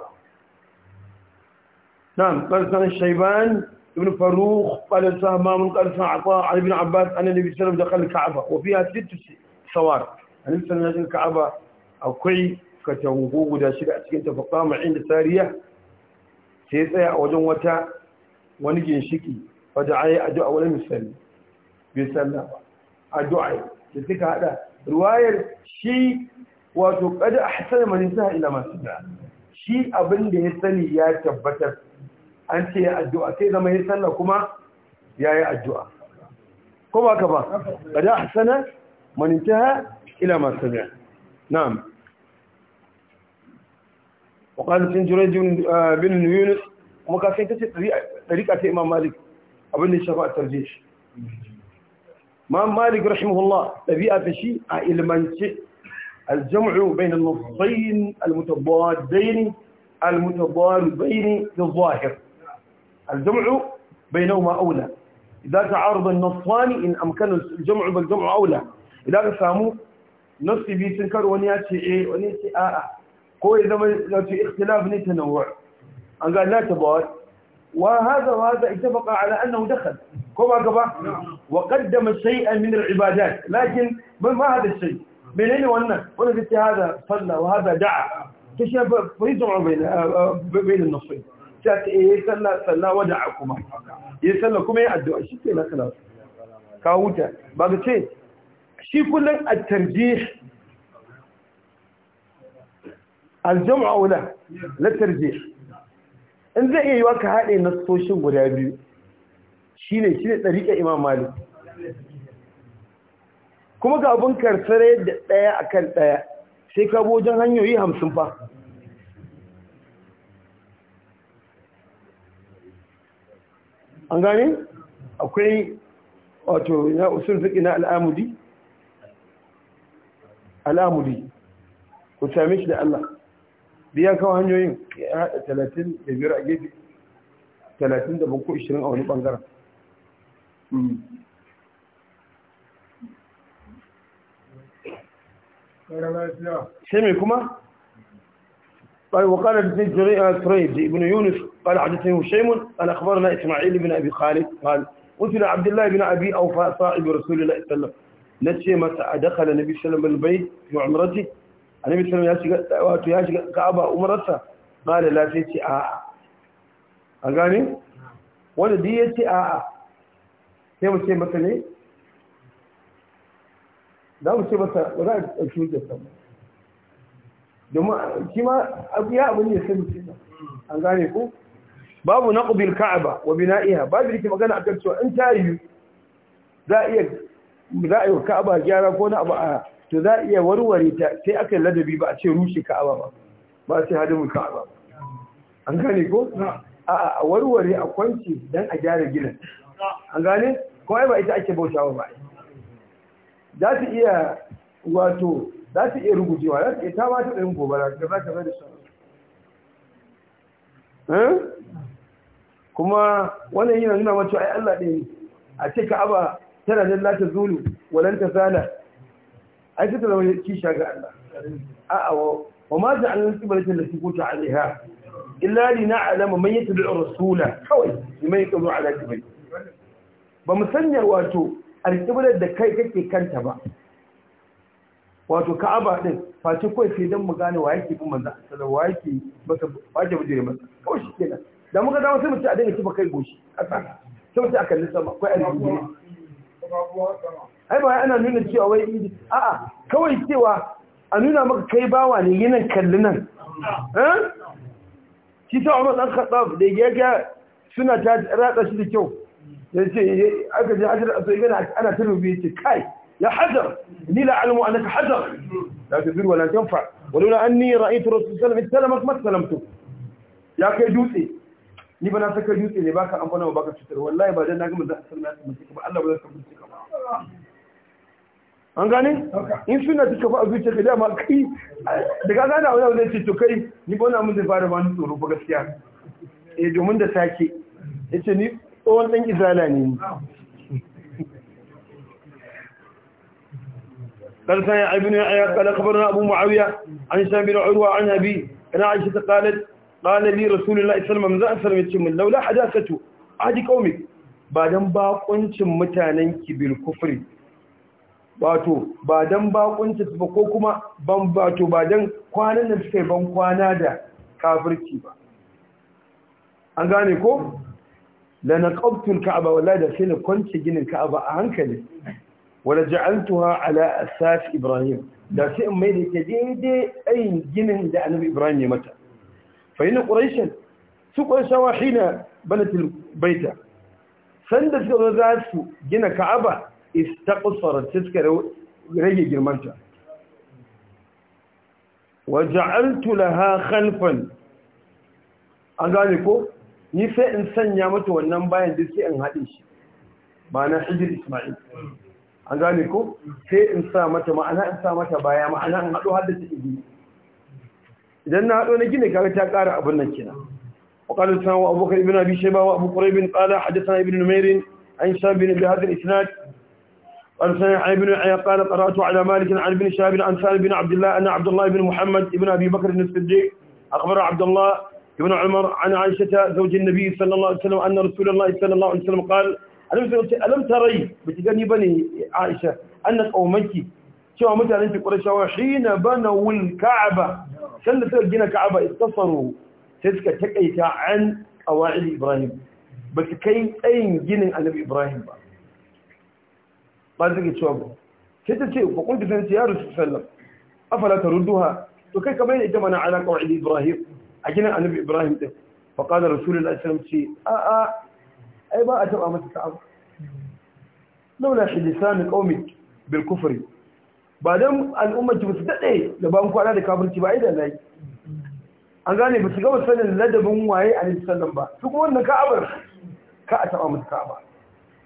na ɓarsan shaiban ابن فروخ قال سهمام قال عطاء عن ابن عباس أن النبي صلى الله عليه وسلم دخل الكعبة وفيها ست سوار النبي صلى الله عليه وسلم الكعبة أو كعي كتنقوق دا شرع سكنت فقام عند سارية سيسأي وجنوة ونجن شكي فدعي أدعى ولم يسلم بيسلم أدعى لذلك هذا رواية شيء wato kada a hasar manisa ila masu da shi abin da ya sani ya tabbatar an ce addu'a sai zama ya sallah kuma ya yi addu'a ko ba ka ba ba da hasana manintaha ila masu biya na'am وقال سن جريج بن يونس kuma ka sai ta ce ɗariƙa ta imam malik abin da shafa a tarje shi ma malik rahimahullah ɗabi'a ta shi a ilmance aljam'u bayan al-nufayin al-mutabawadaini al-mutabawadaini da zahir الجمع بينهما أولى إذا تعارض النصان إن أمكن الجمع بالجمع أولى إذا نسامو نصي بي سنكر ونياتي إيه ونياتي آه قوي إذا ما نتي اختلاف نتنوع أن قال لا تبار وهذا وهذا اتفق على أنه دخل كما قبع وقدم شيئا من العبادات لكن ما هذا الشيء من أين وأنا وأنا قلت هذا صلى وهذا دعا كشي فيزمع بين النصين ta ce eh sallah sallah wada kuma yi sallah kuma yi addu'a shi ke na kala ka huta ba ka ce shi kullum a tarjih aljam'a wula na tarjih in zai iya yi wa ka haɗe na nasoshin guda biyu shi ne shi ne ɗariƙa imam malik kuma ga abin karsare da ɗaya akan ɗaya sai ka bojan hanyoyi hamsin fa an gane akwai wato na usul fiƙi na al'amudi al'amudi ku same shi da Allah Biyan kawo hanyoyin ya haɗa talatin da biyar a gefe talatin da banko ishirin a wani ɓangaren hmm. sai mai kuma ɓarwa ƙarar da jirai a turai da ibn yunus قال حدثني هشيم قال أخبرنا إسماعيل بن أبي خالد قال قلت لعبد الله بن أبي أوفى صاحب رسول الله صلى الله عليه وسلم نتشي ما دخل النبي صلى الله عليه وسلم البيت في عمرته النبي صلى الله عليه وسلم ياشي كعبة عمرته قال لا تيتي آآ أغاني ولا دي يتي آآ كيف تشي مثلا لا za مثلا ولا masa ba za a ɗauki hujjarsa ba domin shi babu na naqbil ka'aba wa bina'iha babu yake magana kan cewa in ta yi za iya za a yi ka'aba gyara ko na abu a to za iya warware ta sai aka ladabi ba a ce rushe ka'aba ba ba sai hadimin ka'aba an gane ko a a warware a kwanci don a gyara gidan an gane ko ai ba ita ake bautawa ba za su iya wato za su iya rugujewa za su iya ta ba ta gobara da za ta bai da shi eh? kuma wannan yana nuna mace ai Allah ɗaya ne a ce ka'aba tana da lata zulu walan ta sala ai ta zama kisha ga Allah a'a wa ma ja'alna qiblatin lati kunta 'alayha illa alama, man yattabi'ur rasula kawai mai liman yaqulu 'ala qibli ba mu sanya wato alƙiblar da kai kake kanta ba wato ka'aba ɗin face kawai sai don mu gane wa yake bin manzo sallallahu alaihi wa yake masa wajibi masa kawai shi kenan da muka dama sai mutum a daina kifa kai goshi ƙasa sai mutum a kalli sama akwai arziki ai ba ana nuna cewa wai idi a'a kawai cewa a nuna maka kai bawa ne yinan kalli nan shi sa umar dan khattab da ya ga suna ta ratsa shi da kyau yace aka je hajar aso yana ana ta rubi yace kai ya hajar ni la alamu annaka hajar la tadri wala tanfa ولولا اني رايت رسول الله صلى الله عليه وسلم استلمك ما استلمته ya kai dutse ni ba na saka dutse ne baka amfana ba baka cutar wallahi ba dan na gama za a sanar da mutum ba Allah ba zai ka ka ba an gane in suna ta kafa a zuciya ka Da kai daga ka gane wani wanda ce to kai ni ba wani mun zai fara bani tsoro ba gaskiya eh domin da sake yace ni tsohon dan izala ne قال ثاني ابن قال خبرنا ابو معاويه عن هشام بن عروه عن ابي انا عائشه قالت qala li rasulullahi sallallahu alaihi wasallam yace min laula hadasatu ahdi qaumik ba dan bakuncin mutanen kibil kufri wato ba dan bakuncin ba ko kuma ban wato ba dan kwanan da suka ban kwana da kafirci ba an gane ko la naqabtul ka'aba wallahi da sai na kwance ginin ka'aba a hankali wala ja'altuha ala asas ibrahim da sai in mai da ke daidai ayin ginin da annabi ibrahim ya mata fa inna quraishan su quraishawa hina banatil baita sanda suka zo za su gina ka'aba istaqsarat suka rage girmanta wa ja'altu laha khalfan an gane ko ni sai in sanya mata wannan bayan duk sai in haɗe shi Ba na hijir isma'il an gane ko sai in sa mata ma'ana in sa mata baya ma'ana in haɗo hadda ta ibi idan na hado na gine kaga ta ƙara nan وقال لسان أبو بكر بن أبي شيبة وأبو قريب قال حدثنا ابن نمير عن شاب بن بهذا الإسناد قال سمع عن ابن قال قرأت على مالك عن ابن شاب عن سالم بن عبد الله أن عبد الله بن محمد بن أبي بكر بن الصديق أخبر عبد الله بن عمر عن عائشة زوج النبي صلى الله عليه وسلم أن رسول الله صلى الله عليه وسلم قال ألم تري بتجني بني عائشة أنك أو مكي شو متى أنت قريش حين بنوا الكعبة can da suka gina ka'aba istasaru sai suka takaita an qawaid ibrahim ba su kai tsayin ginin annabi ibrahim ba ba su ke cewa ba sai ta ce ba kuntu sai ce ya rasul sallam afala tarudduha to kai ka kamar ita mana ala qawaid ibrahim a ginin annabi ibrahim din fa qala rasulullahi sallallahu alaihi wasallam ce a a ai ba a taba masa ka'aba laula lisan qaumik bil kufri ba don al'ummar ki su daɗe da ban kwana da kafirci ba idan na yi an gane ba su gaba sanin ladabin waye a nisan sannan ba su kuma wannan ka'abar ka a taɓa musu ka'aba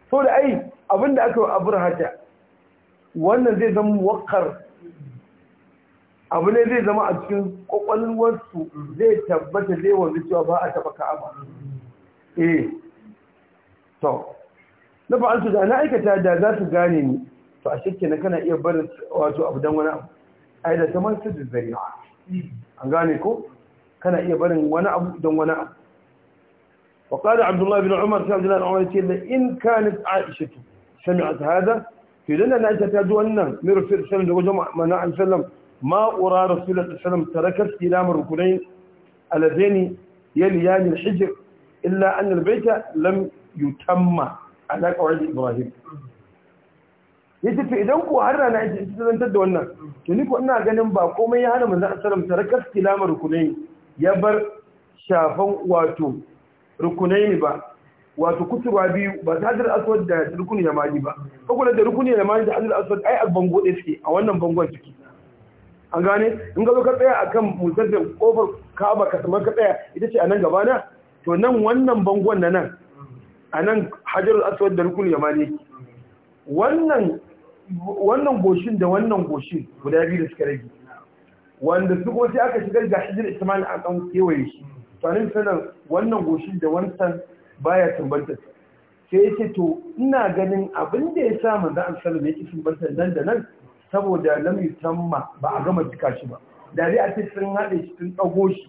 so da ai abinda aka yi abu hajja wannan zai zama wakar abu ne zai zama a cikin kwakwalwarsu zai tabbata zai wanzu cewa ba a taɓa ka'aba eh to na fa'altu da na aikata da za su gane ni to a shirke na iya barin wato abu don wani abu a yi da ta da zari na gane ko kana iya barin wani abu don wani abu faƙari abdullahi bin umar shi abdullahi na wani ce da in ka ni sami a tsada ke don da ta ji wannan mirar fi sami da wajen mana an sallam ma ƙura da sallam tarakar su ila marukunai alazeni yali ya ni hijir illa an yalbaita lam yutamma alaƙa wajen ibrahim ya ce idan ku har rana ita ita zantar da wannan to ni ko ina ganin ba komai ya hana manzon asalam tarakas kilama rukunai ya bar shafan wato rukunai ne ba wato kutuba biyu ba ta hadar aswad da rukuni ya mali ba kokula da rukuni ya mali da hadar aswad ai a bango ɗaya suke a wannan bangon ciki an gane in ga ka tsaya akan musar da kofar ka'aba ka samar ka tsaya ita ce a nan gaba na to nan wannan bangon na nan a nan hajarul aswad da rukuni ya mali wannan wannan goshin da wannan goshin guda biyu da suka rage wanda su kuma sai aka shigar ga hijir ismail an kan kewaye shi tsarin sanar wannan goshin da wancan baya tumbanta sai ya ce to ina ganin abin da ya sa manzan amsalam ya ki tumbanta nan da nan saboda lamu tamma ba a gama jika shi ba da dai a ce sun haɗe shi sun ɗago shi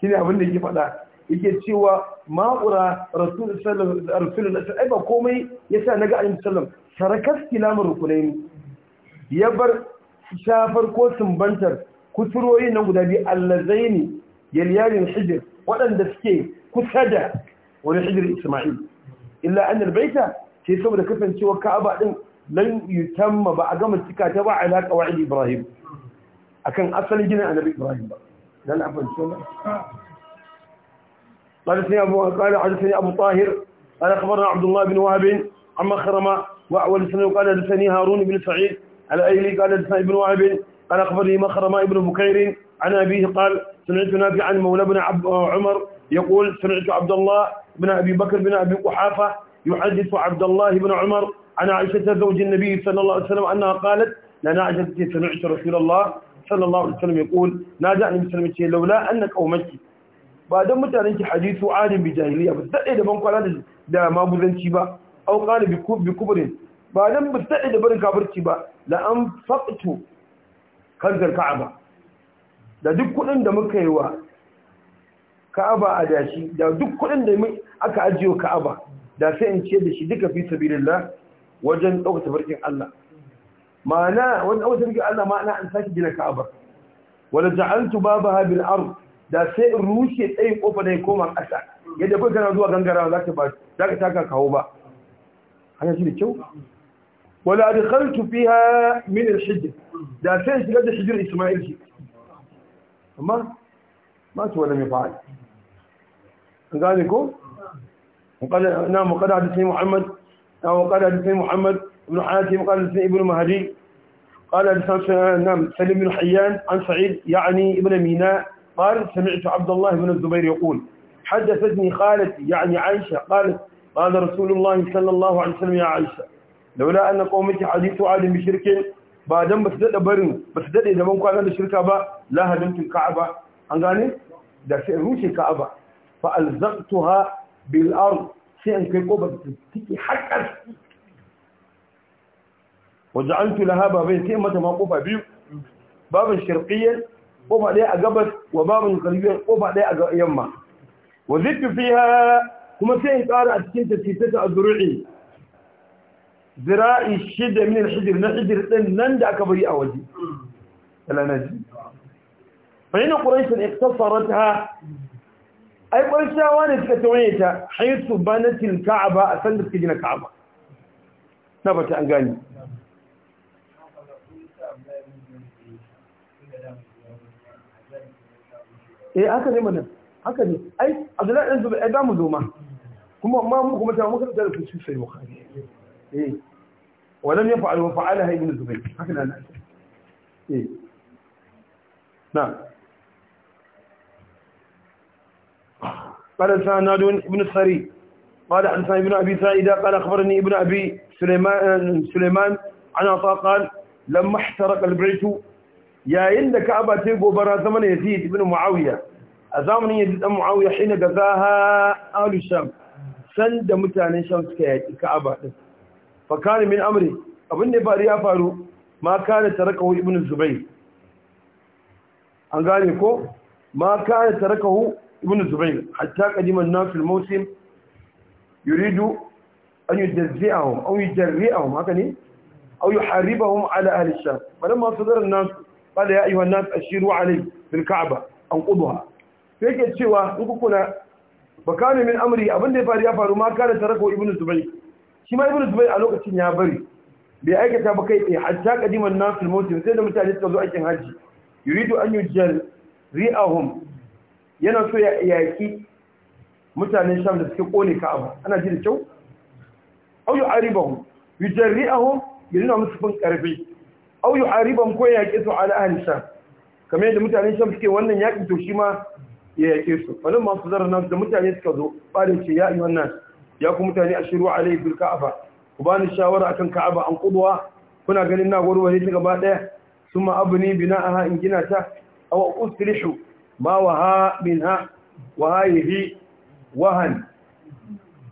shine abin da yake faɗa yake cewa ma'ura rasulullah sallallahu alaihi wasallam ai ba komai yasa naga annabi sallallahu tarakas kilamar rukunai ya bar shafar ko sumbantar kusuroyi na guda biyu allazaini yaliyarin hijir waɗanda suke kusa da wani hijir ismail illa an albaita ce saboda kasancewa ka'aba din lan yutamma ba a gama cika ta ba a ala qawaid ibrahim akan asalin ginin annabi ibrahim ba dan afan sunna قال سيدنا أبو قال حدثني أبو طاهر قال أخبرنا عبد الله بن وهب عم خرمة وأول سنة قال حدثني هارون بن سعيد على الأيلي قال حدثنا ابن وهب قال أخبرني مخرمة ابن بكير عن أبيه قال سمعت نافعا مولى بن عمر يقول سمعت عبد الله بن أبي بكر بن أبي قحافة يحدث عبد الله بن عمر عن عائشة زوج النبي صلى الله عليه وسلم أنها قالت لنا عائشة سمعت رسول الله صلى الله عليه وسلم يقول نادى النبي صلى الله عليه وسلم لولا أنك أومتك بعد متى أنت حديث عالم بجاهلية بس ده إيه هذا ده ما بذنتي بقى au qala bi kubrin ba dan murtadi da barin kafirci ba la an faqtu kanzar ka'aba da duk kudin da muka yi wa ka'aba a dashi da duk kudin da aka ajiye ka'aba da sai in ce da shi duka fi sabilillah wajen ɗaukata farkin Allah ma'ana wajen ɗaukata farkin Allah ma'ana an sake gina ka'aba wala ja'altu babaha bil ard da sai in rushe tsayin kofa da ya koma ƙasa yadda kai kana zuwa gangarawa zaka ba zaka taka kawo ba أنا جيل تشو ولا دخلت فيها من الحجة دا سيس لدى حجر إسماعيل جي أما ما تولى مفعل قال لكم وقال نعم وقال حدثني محمد أو نعم، وقال حدثني محمد بن حاتم وقال حدثني ابن مهدي قال نعم سليم بن حيان عن سعيد يعني ابن ميناء قال سمعت عبد الله بن الزبير يقول حدثتني خالتي يعني عائشة قالت قال رسول الله صلى الله عليه وسلم يا عائشة لولا أن قومك حديث عالم بشرك بعدم بس دد برن بس دد إذا بمكو أنا بشرك أبا لا هدمت الكعبة أنقاني ده شيء مش الكعبة فألزقتها بالأرض شيء كيقوبة تكي حقا وجعلت لها بابين شيئا ما تماقوبة بيو بابا شرقيا وبعدها وباب وبابا غربيا وبعدها أقبت يما وزدت فيها كما كان يقارع تكين تسكيتة الزروعي ذراعي الشدة من الحجر نحجر لن نندع كبري أولي فلا نجي فإن قريشا اقتصرتها أي قريشا وانت كتوينتا حيث بنت الكعبة أسندت كجنة كعبة نبت أنقاني إيه أكد يمنى أكد أي أدلاء نزل إدام دوما kuma ما mu مثلا ta muka da su sai bukhari eh walam yaf'al wa fa'alaha ibn zubayr نعم قال نادون ابن السري قال عن ابن أبي سائدة قال أخبرني ابن أبي سليمان, سليمان عن عطاء قال لما احترق البيت يا إنك أبا تيبو برا زمن يزيد بن معاوية أزامن يزيد بن معاوية حين غزاها أهل الشام san da mutanen sham suka yaƙi ka'aba din fa kana min amri abin da faru ya faru ma kana tarakahu ibnu zubayr an gane ko ma kana tarakahu ibnu zubayr hatta qadima an-nas al-mawsim yuridu an yudazzi'ahum aw yujarri'ahum haka ne aw yuharibahum ala ahli sham falamma sadara an-nas qala ya ayyuhan nas ashiru alayhi bil ka'ba qudha yake cewa in kuna bakani min amri abin da ya faru ya faru ma kada tarako ibnu zubayr shi ma ibnu zubayr a lokacin ya bari bai aikata ba kai tsaye hajja kadiman fil mawsim sai da mutane suka zo aikin haji yuridu an yujal ri'ahum yana so ya yaki mutanen sham da suke kone ka'aba ana ji da kyau au yu'aribahum yujal ri'ahum yana musu fin karfi au yu'aribahum ko yaki su ala ahli sham kamar yadda mutanen sham suke wannan yaki to shi ma ya yake su wani masu zarar nan da mutane suka zo ɓarin ce ya yi wannan ya ku mutane a shiru a laifin ka'aba ku ba ni shawara akan ka'aba an kuduwa kuna ganin na ne ta gaba ɗaya sun abu ne bina a in gina ta a wa usulishu ma wa ha min ha wa ha yi wahan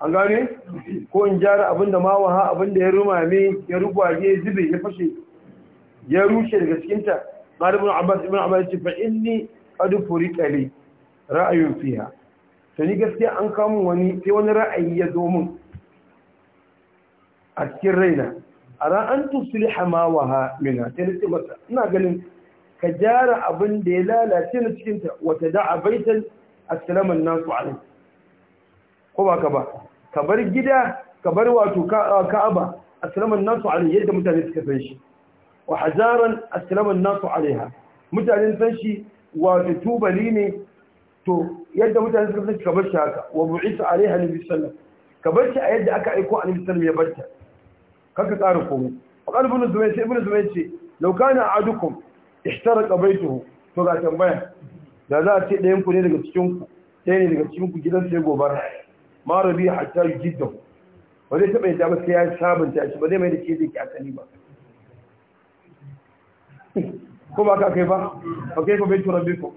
an gane ko in jara abinda ma wa ha abinda ya rumame ya rugwaje zube ya fashe ya rushe daga cikinta ƙarfin abbas ibn abbas ce fa inni qad furi li ra'ayin fiha to ni gaskiya an kawo wani sai wani ra'ayi ya zo mun a cikin raina ara an tusliha ma ha mina sai nace masa ina ganin ka jara abin da ya lalace na cikin ta wata da'a baitan assalamu nasu alai ko ba ka ba ka bar gida ka bar wato ka'aba assalamu nasu alai yadda mutane suka san shi wa hazaran assalamu nasu alaiha mutanen san shi wato tubali ne to yadda mutane suka fi kabar shi haka wa bu'isa alaiha nabi sallam kabar shi a yadda aka aiko annabi sallam ya barta kaka tsara komai wa qalbun zubayr sai ibnu zubayr ce law kana ahadukum ihtaraqa baytuhu to ga tambaya da za a ce ɗayan ku ne daga cikin ku ɗaya ne daga cikin ku gidan sai gobara ma rabi hatta yujiddahu ba zai taɓa yadda ba sai ya sabunta shi ba zai mai da ke da ke asali ba ko ba ka kai ba ba kai ko bai tura biyu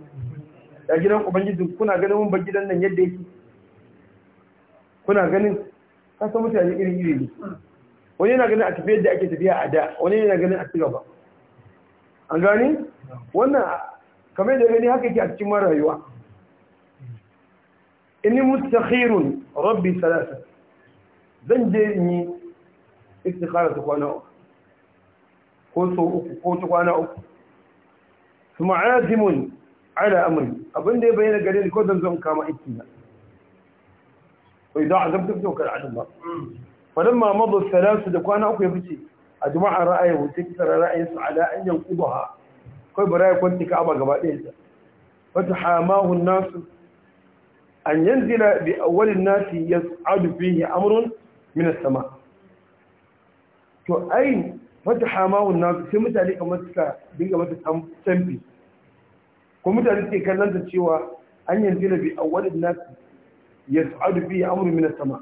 da gidan ubangiji kuna ganin mun ba gidan nan yadda yake kuna ganin ka san mutane iri iri ne wani yana ganin a tafi yadda ake tafiya a da wani yana ganin a cigaba an gani wannan kamar da gani haka yake a cikin rayuwa inni mustakhirun rabbi salasa zan je in yi istikhara ta kwana uku ko so uku ko ta kwana uku kuma azimun ala amri abin da ya bayyana gare ni ko zan zo kama aiki na wa idan azabtu fi tawkal ala Allah ma mabu salasu da kwana uku ya fice a jama'a ra'ayi wuce kisara ra'ayin su ala an yanqudaha kai bara ra'ayi kwanti ka aba gaba ɗaya ta wata hamahu an-nas an yanzila bi awwal nasi nas yas'adu fihi amrun min as-sama to ai wata hamahu nasu sai mutane kamar suka dinga mata tamfi ko mutane ke kallon ta cewa an yanzu da bi awwalin ya fa'adu fi ya amuru mina sama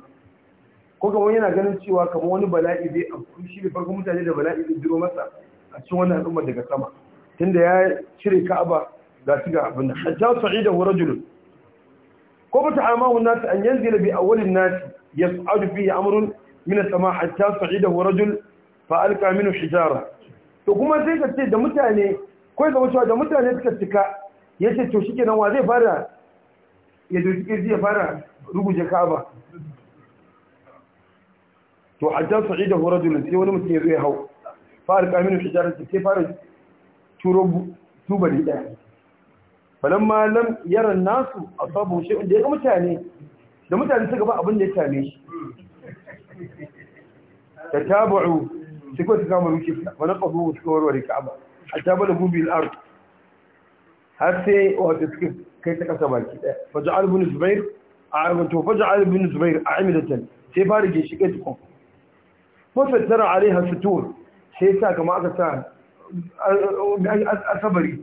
ko kamar yana ganin cewa kamar wani bala'i zai amfani shi ne farkon mutane da bala'i zai biro masa a cikin wannan al'umma daga sama tunda ya cire ka'aba ga shiga abin da hatta sa'ida wa rajulun ko ba amahu nasu an yanzila bi awwalin ya fa'adu fi ya amuru mina sama hatta sa'ida wa rajul fa alka minu hijara to kuma sai ka ce da mutane ko ga wucewa da mutane suka cika ya ce to shi kenan wa zai fara ya doki ƙirji ya fara rubuje ka'aba to hajjar sa'i da horar julin sai wani mutum ya zai hau fara kaminu shijarar sai fara turo tubali ɗaya falon malam yaran nasu a sabon shi inda ya ga mutane da mutane suka ba abin da ya tame shi ta tabu'u sai kawai su kama rushe wani ƙafu su kawar wari ka'aba a tabar da gubi al'ar har sai wata suka kai ta kasa baki ɗaya. faja'al ibn zubair a'aman to faja'al ibn zubair a'imidatan sai fara ge shi kai tara a alaiha sutur sai sa kama aka sa asabari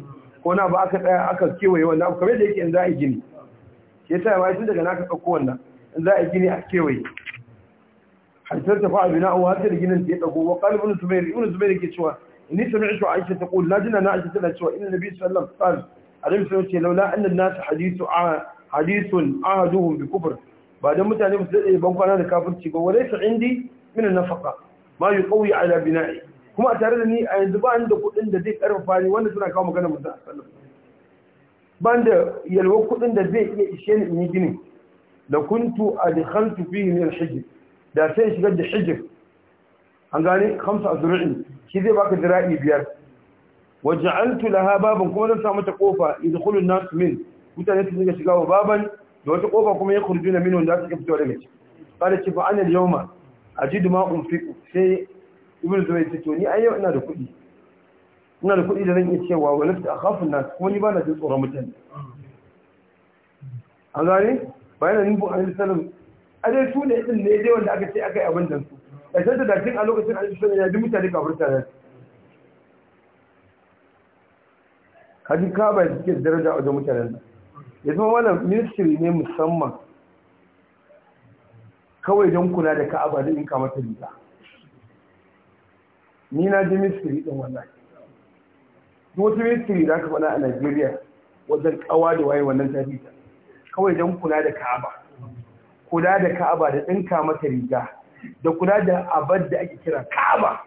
ko na ba aka ɗaya aka kewaye wannan abu kamar da yake in za a yi gini ya sa yawa tun daga naka ɗauko wannan in za a yi gini a kewaye harsar ta faa bina uwa sai da ginin ta ya ɗago wa ƙalibin zubairu ibn zubairu ke cewa ni sami ishu aisha ta ƙulu na jina na aisha tana cewa ina nabi sallam tsari annabi sun ce laula annan nasu hadithu hadithun ahaduhum bi kufr ba dan mutane ba su dade ban kwana da kafirci ba walaysa indi min an-nafaqa ma yuqawi ala bina'i kuma a tare da ni a yanzu ba ni da kuɗin da zai karfafa ni wanda suna kawo magana mutum sallallahu ba ni da yalwa kuɗin da zai iya ishe ni in yi gini da kuntu a adkhaltu fihi min al-hijr da sai shigar da hijir. an gane 5 azru'in shi zai baka dira'i biyar waja'altu laha baban kuma zan sa mata kofa yadkhulun nas min mutane su dinga shiga wa baban da wata kofa kuma ya kurjuna min wanda suka fito daga ciki kada ci fa anil yawma ajidu ma unfiqu sai ibnu zubayr ce ni ai yau ina da kuɗi ina da kuɗi da zan iya cewa wa lafta akhafu nas kuma ni ba na jin tsoron mutane an gane bayan nan bu alaihi salam a dai su ne din ne dai wanda aka ce aka yi abin da su da sai da dakin a lokacin alaihi salam ya ji mutane kafirta da su hajji kaba da suke daraja wajen mutanen nan ya zama wannan ministry ne musamman kawai don kula da ka'aba da in kamata riga ni na ji ministry din wannan duk wata ministry da aka faɗa a Najeriya wajen kawa da waye wannan tafi kawai don kula da ka'aba kula da ka'aba da ɗinka mata riga da kula da abad da ake kira ka'aba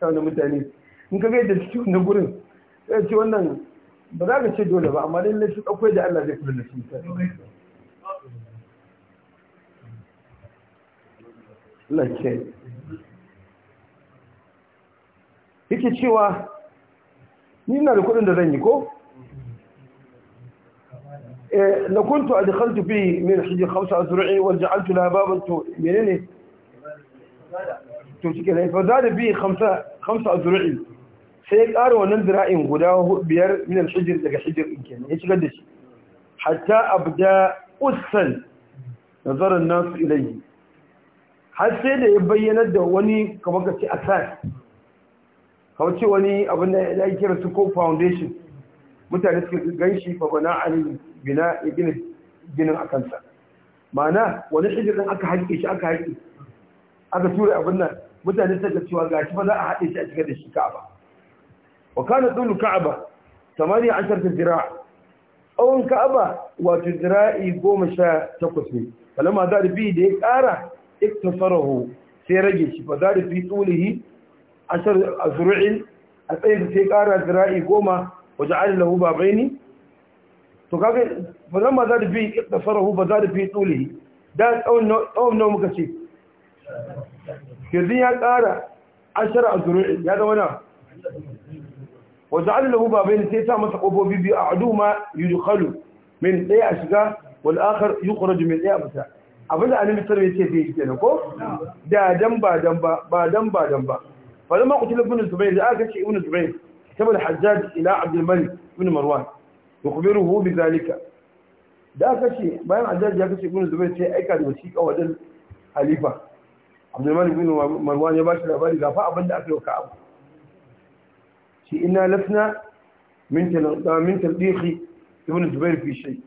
sau da mutane in ka gaida cikin na gurin sai ce wannan ba za ka ce dole ba amma lalle shi ɗaukwai da Allah zai kula da shi ta lalce yake cewa ni na da kuɗin da zan yi ko na eh, kuntu a jikin tufi mai shi jikin hausa a zuru'i wajen an tuna babin to shi ke cike na ifa za da bi hamsa a zuru'i sai ya ƙara wannan dira'in guda biyar minal hijir daga hijir ɗin kenan ya shigar da shi hatta abda ussan nazarin nasu ilayi har sai da ya bayyana da wani kamar ka ce asas kamar ce wani abin da ya kira su ko foundation mutane suke gan shi fa bana ali bina gina a akansa ma'ana wani hijir ɗin aka haƙe shi aka haƙe aka tura abin nan mutane suka cewa gashi ba za a haɗe shi a cikin da shi ka ba وكان طول الكعبة ثمانية عشرة ذراع أو الكعبة وتذراعي قوم شاء تقسمي فلما دار بيه ديك آرة اكتصره سيرجش فدار في طوله عشر أزرع أتأيد ديك آرة ذراعي قوم وجعل له بابين فلما دار بيه اكتصره فدار في طوله دار أو نوم كشيك كذي يا آرة عشر أزرع هذا ونعم wa ja'ala lahu babayn sai ta masa kofofi biyu a a'duma yudkhalu min daya a shiga wal akhar yukhraju min daya fita Abin da annabi sallallahu alaihi wasallam ya ce kenan ko da dan ba dan ba ba dan ba dan ba falamma qutila ibn zubayr da aka ce ibn zubayr tabal hajjaj ila abd al-malik ibn marwan yukhbiruhu bi zalika da aka ce bayan hajjaj ya kace ibn zubayr sai aika da wasiqa wajen halifa abd al-malik ibn marwan ya ba shi labari ga fa abinda aka yi wa ka'ab shi ina lasna min talɗiƙi ibn zubair fi shai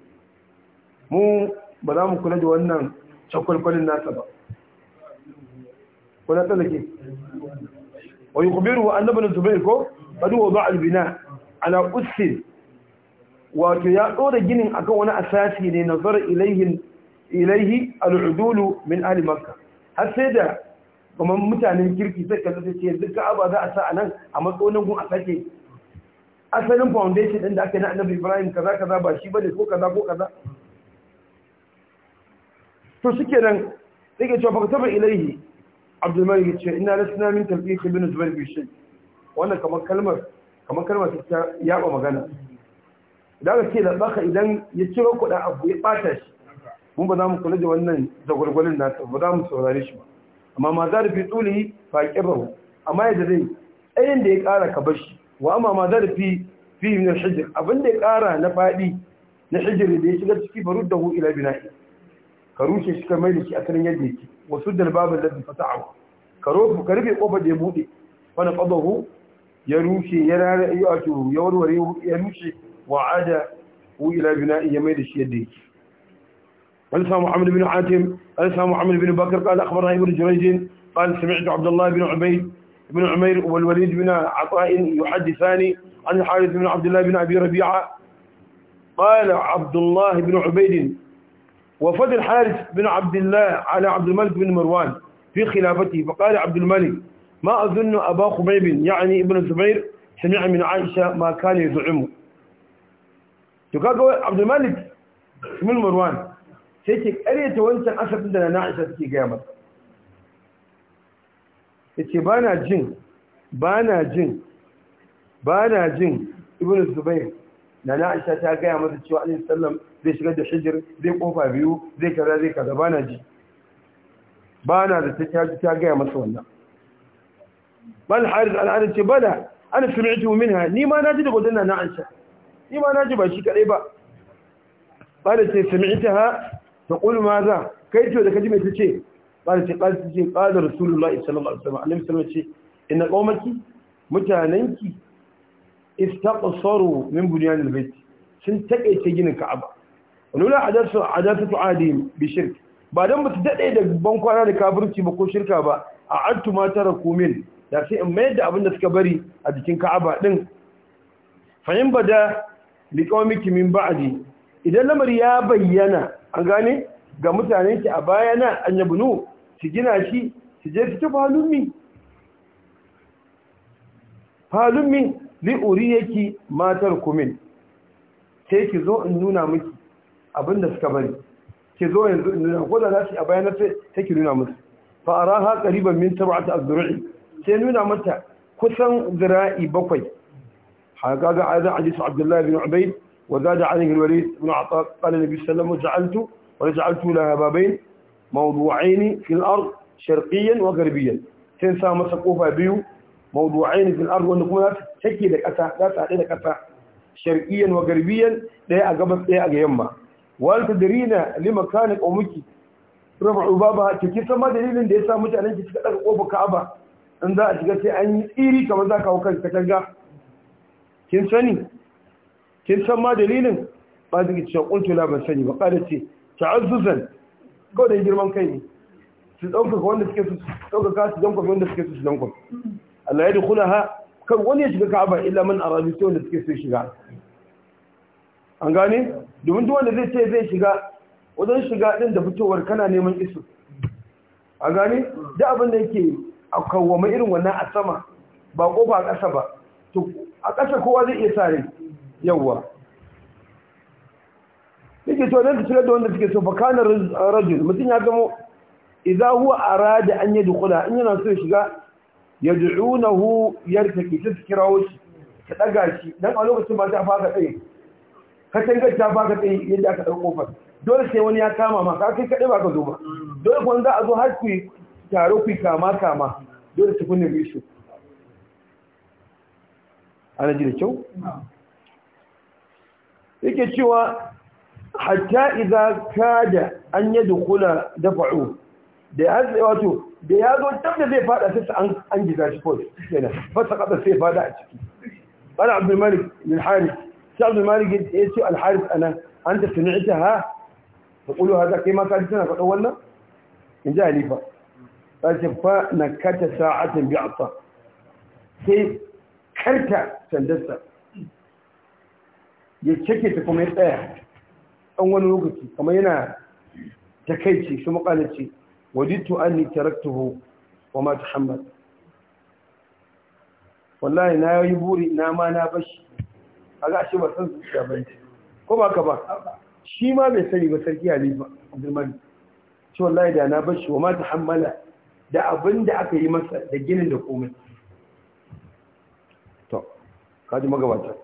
mu ba za mu kula da wannan cakwalkwalin nasa ba kuna tsallake wa yi kubiru wa annabin zubair ko bari ba albina ala ussin wato ya ɗora ginin akan wani asasi ne nazar ilaihi al'udulu min ali makka har sai da kuma mutanen kirki sai ka zai ce ka ka'aba za a sa a nan a matsonin gun a sake asalin foundation din da aka yi na annabi ibrahim kaza kaza ba shi bane ko kaza ko kaza to suke nan sai ba cewa fakataba ilaihi abdul ya ce ina lasna min tafiye ka zubair zubar shay wannan kamar kalmar kamar kalmar ta yaba magana da aka ce da baka idan ya ciro kuɗa abu ya ɓata shi mun ba za mu kula da wannan zagwalgwalin nasa ba za mu saurare shi ba amma ma za da fi tsulihi fa ƙirrahu amma yadda zai ɗayan da ya ƙara ka bashi wa amma ma za fi fi min hijir abin da ya ƙara na faɗi na hijir da ya shiga ciki da hu ila bina'i ka rushe shi ka mai da shi kan yadda yake wa suddal babal ladhi fata'ahu ka rufe ka rufe kofar da ya buɗe wani qadahu ya rushe ya rara ya wato ya warware ya rushe wa ada ila bina'i ya mai da shi yadda yake قال سامع عمرو بن عاتم قال سامع عمرو بن بكر قال أخبرنا ابن جريج قال سمعت عبد الله بن عبيد بن عمير والوليد بن عطاء يحدثان عن الحارث بن عبد الله بن أبي ربيعة قال عبد الله بن عبيد وفد الحارث بن عبد الله على عبد الملك بن مروان في خلافته فقال عبد الملك ما أظن أبا خبيب يعني ابن الزبير سمع من عائشة ما كان يزعمه تقال عبد الملك بن مروان sai ke karyata wancan asabin da na Aisha suke gaya masa Ya ce ba na jin ba na jin ba na jin Ibn Zubair na na Aisha ta gaya masa cewa Annabi sallam zai shigar da shijir, zai kofa biyu zai kaza zai kaza Ba na ji ba na da ta ta ta gaya masa wannan bal harith al-arab ce bala ana sami'tu minha ni ma na ji da godanna na Aisha ni ma naji ba shi kadai ba bala ce sami'taha ta ƙulu ma kai ce da kaji mai ta ce ƙada ce ƙada ce ƙada rasulullah sallallahu alaihi wasallam annabi sallallahu ce inna qaumaki mutananki istaqsaru min bunyan albayt sun takeice ginin ka'aba wala hadasu hadasatu adim bi shirk ba dan ba su dade da ban kwana da kafirci ba ko shirka ba a antu ma taraku min da sai in mayar da abin da suka bari a jikin ka'aba din fahim bada liqaumiki min ba'di idan lamari ya bayyana an gane ga mutanen ki a baya na an yabnu su gina shi su je su ci falummi falummi li uriyaki matar kumin sai ki zo in nuna miki abinda suka bari ki zo yanzu in nuna ko da za su a baya na sai ki nuna musu fa araha qariban min sab'ati azru'i sai nuna mata kusan zira'i bakwai haka ga azan hadisu abdullahi bin ubayd وزاد عنه الوليد بن عطاء قال النبي صلى الله عليه وسلم جعلت وجعلت لها بابين موضوعين في الأرض شرقيا وغربيا تنسى مسقوفة بيو موضوعين في الأرض وأنكم لا تشكي لك أسا لا تعطي لك أسا شرقيا وغربيا لا أقبل لا أقيمة وهل تدرين لما كانت أمك رفع بابها كيف سما دليل da yasa mutanen ki suka daga kofar Ka'aba ذا za a shiga sai an yi tsiri kamar za ka kin san ma dalilin ba zai cewa kuntu la ban sani ba kada ce ta'azzuzan ko da girman kai ne su dauka wanda suke su dauka ka su danko wanda suke su danko Allah ya ha kan wani ya shiga Ka'aba illa man arabi sai wanda suke su shiga an gane domin duk wanda zai ce zai shiga wajen shiga din da fitowar kana neman isu a gane da abin da yake a kawwama irin wannan a sama ba ba a ƙasa ba to a ƙasa kowa zai iya sare yawwa yake to dan tsira da wanda suke so fa kana rajul mutum ya zamo idza huwa arada an yadkhula in yana so shiga yad'unahu yartaki ta kirawo shi ta daga shi dan a lokacin ba ta faka tsaye ka tanga ta faka tsaye yadda aka dauko kofar dole sai wani ya kama ma ka kai kade ba ka zo ba dole kun za a zo har ku taro ku kama kama dole su kunne bishu ana ji da kyau yake cewa hatta idza kada an yadkhula dafa'u da ya wato da yazo zo da zai fada sai an an giza shi ko kenan fasa kada sai fada a ciki bala abdul malik bin harith sai abdul malik ya ce al harith ana anta sami'taha taqulu hada kai ma kaji tana fada wannan in ji halifa ta ce fa nakata sa'atan bi'ta sai karta sandarsa ya cike ta kuma ya tsaya ɗan wani lokaci kamar yana ta ce shi makala ce waditu anni taraktuhu wa ma muhammad wallahi na yi buri na ma na bashi a ga shi ba san zuciya ba ko ba ka ba shi ma bai sani ba sarki ali ba abdulmani shi wallahi da na bashi wa ma muhammad da abin da aka yi masa da ginin da komai to kaji magabata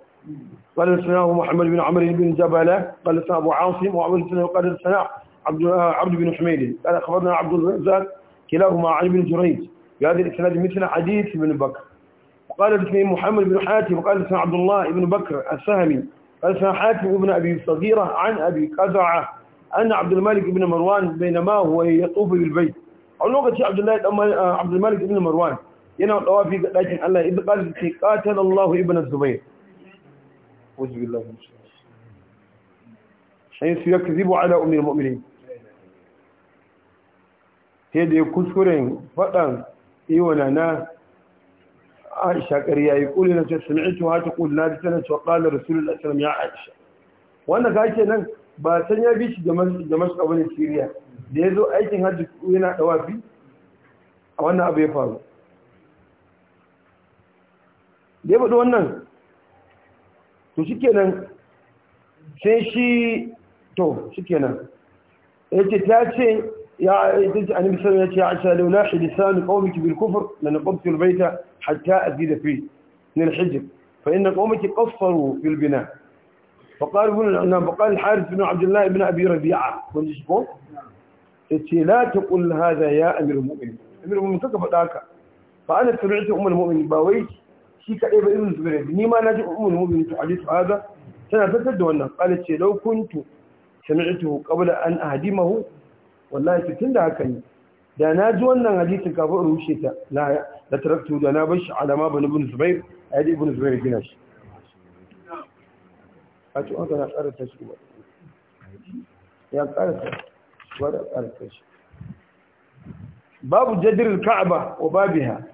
قال سنا محمد بن عمرو بن جبلة قال سنا أبو عاصم وعمر سنا قال سنا عبد عبد بن حميد قال أخبرنا عبد الرزاق كلاهما عن بن جريج بهذا الإسناد مثل حديث بن بكر وقال اسمه محمد بن حاتم وقال سنا عبد الله بن بكر السهمي قال سنا حاتم بن أبي صغيرة عن أبي قزعة أن عبد الملك بن مروان بينما هو يطوف بالبيت أو لغة عبد الله عبد الملك بن مروان ينام في لكن الله إذ قال قاتل الله ابن الزبير uzu billahi min shaitan shaysu yakzibu ala sai da kuskuren faɗan iwana na aisha ƙarya yi ƙuli na ce sami'itu hata ƙuli na ji tana cewa ƙalar rasulun asiram ya aisha wanda ka ke nan ba san ya bi shi da masu abu da ya zo aikin hajji yana ɗawafi a wannan abu ya faru da ya faɗi wannan to shikenan sai shi to shikenan yace ta ce ya yace annabi sallallahu alaihi wasallam ya ce law nahi lisan qaumiki bil kufr lanqabtu al bayta hatta azid fi min al hijr fa inna qaumiki qassaru fil bina فقال ابن فقال الحارث بن عبد الله بن ابي ربيعه كنت شفته yace la taqul hadha ya amirul mu'minin amirul mu'minin kaka faɗa ka fa ana sami'tu ummul mu'minin ba wai shi kaɗai ba irin zubair ni ma na ji ummul mu'minin ta su haza tana tattar da wannan qala ce law kuntu sami'tuhu ƙabula an mahu wallahi tun da haka ne da na ji wannan hadisin kafin rushe ta na taraktu da na bar shi alama bani bin Zubairu. a yadda ibn zubair gina shi a ci wanka na ba ya ba da babu jadirin ka'aba wa babiha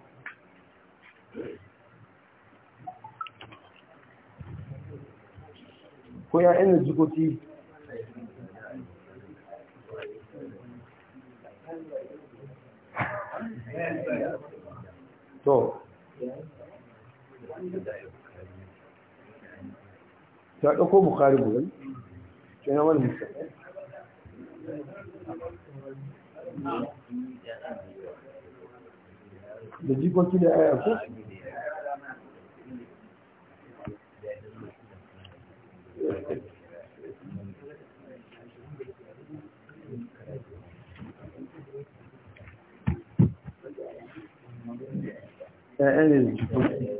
ko ‘ya'yan da jikoki [laughs] to ta ɗauko bukari burin ke na wani da jikoki da ‘ya'ya That eh, is. Eh,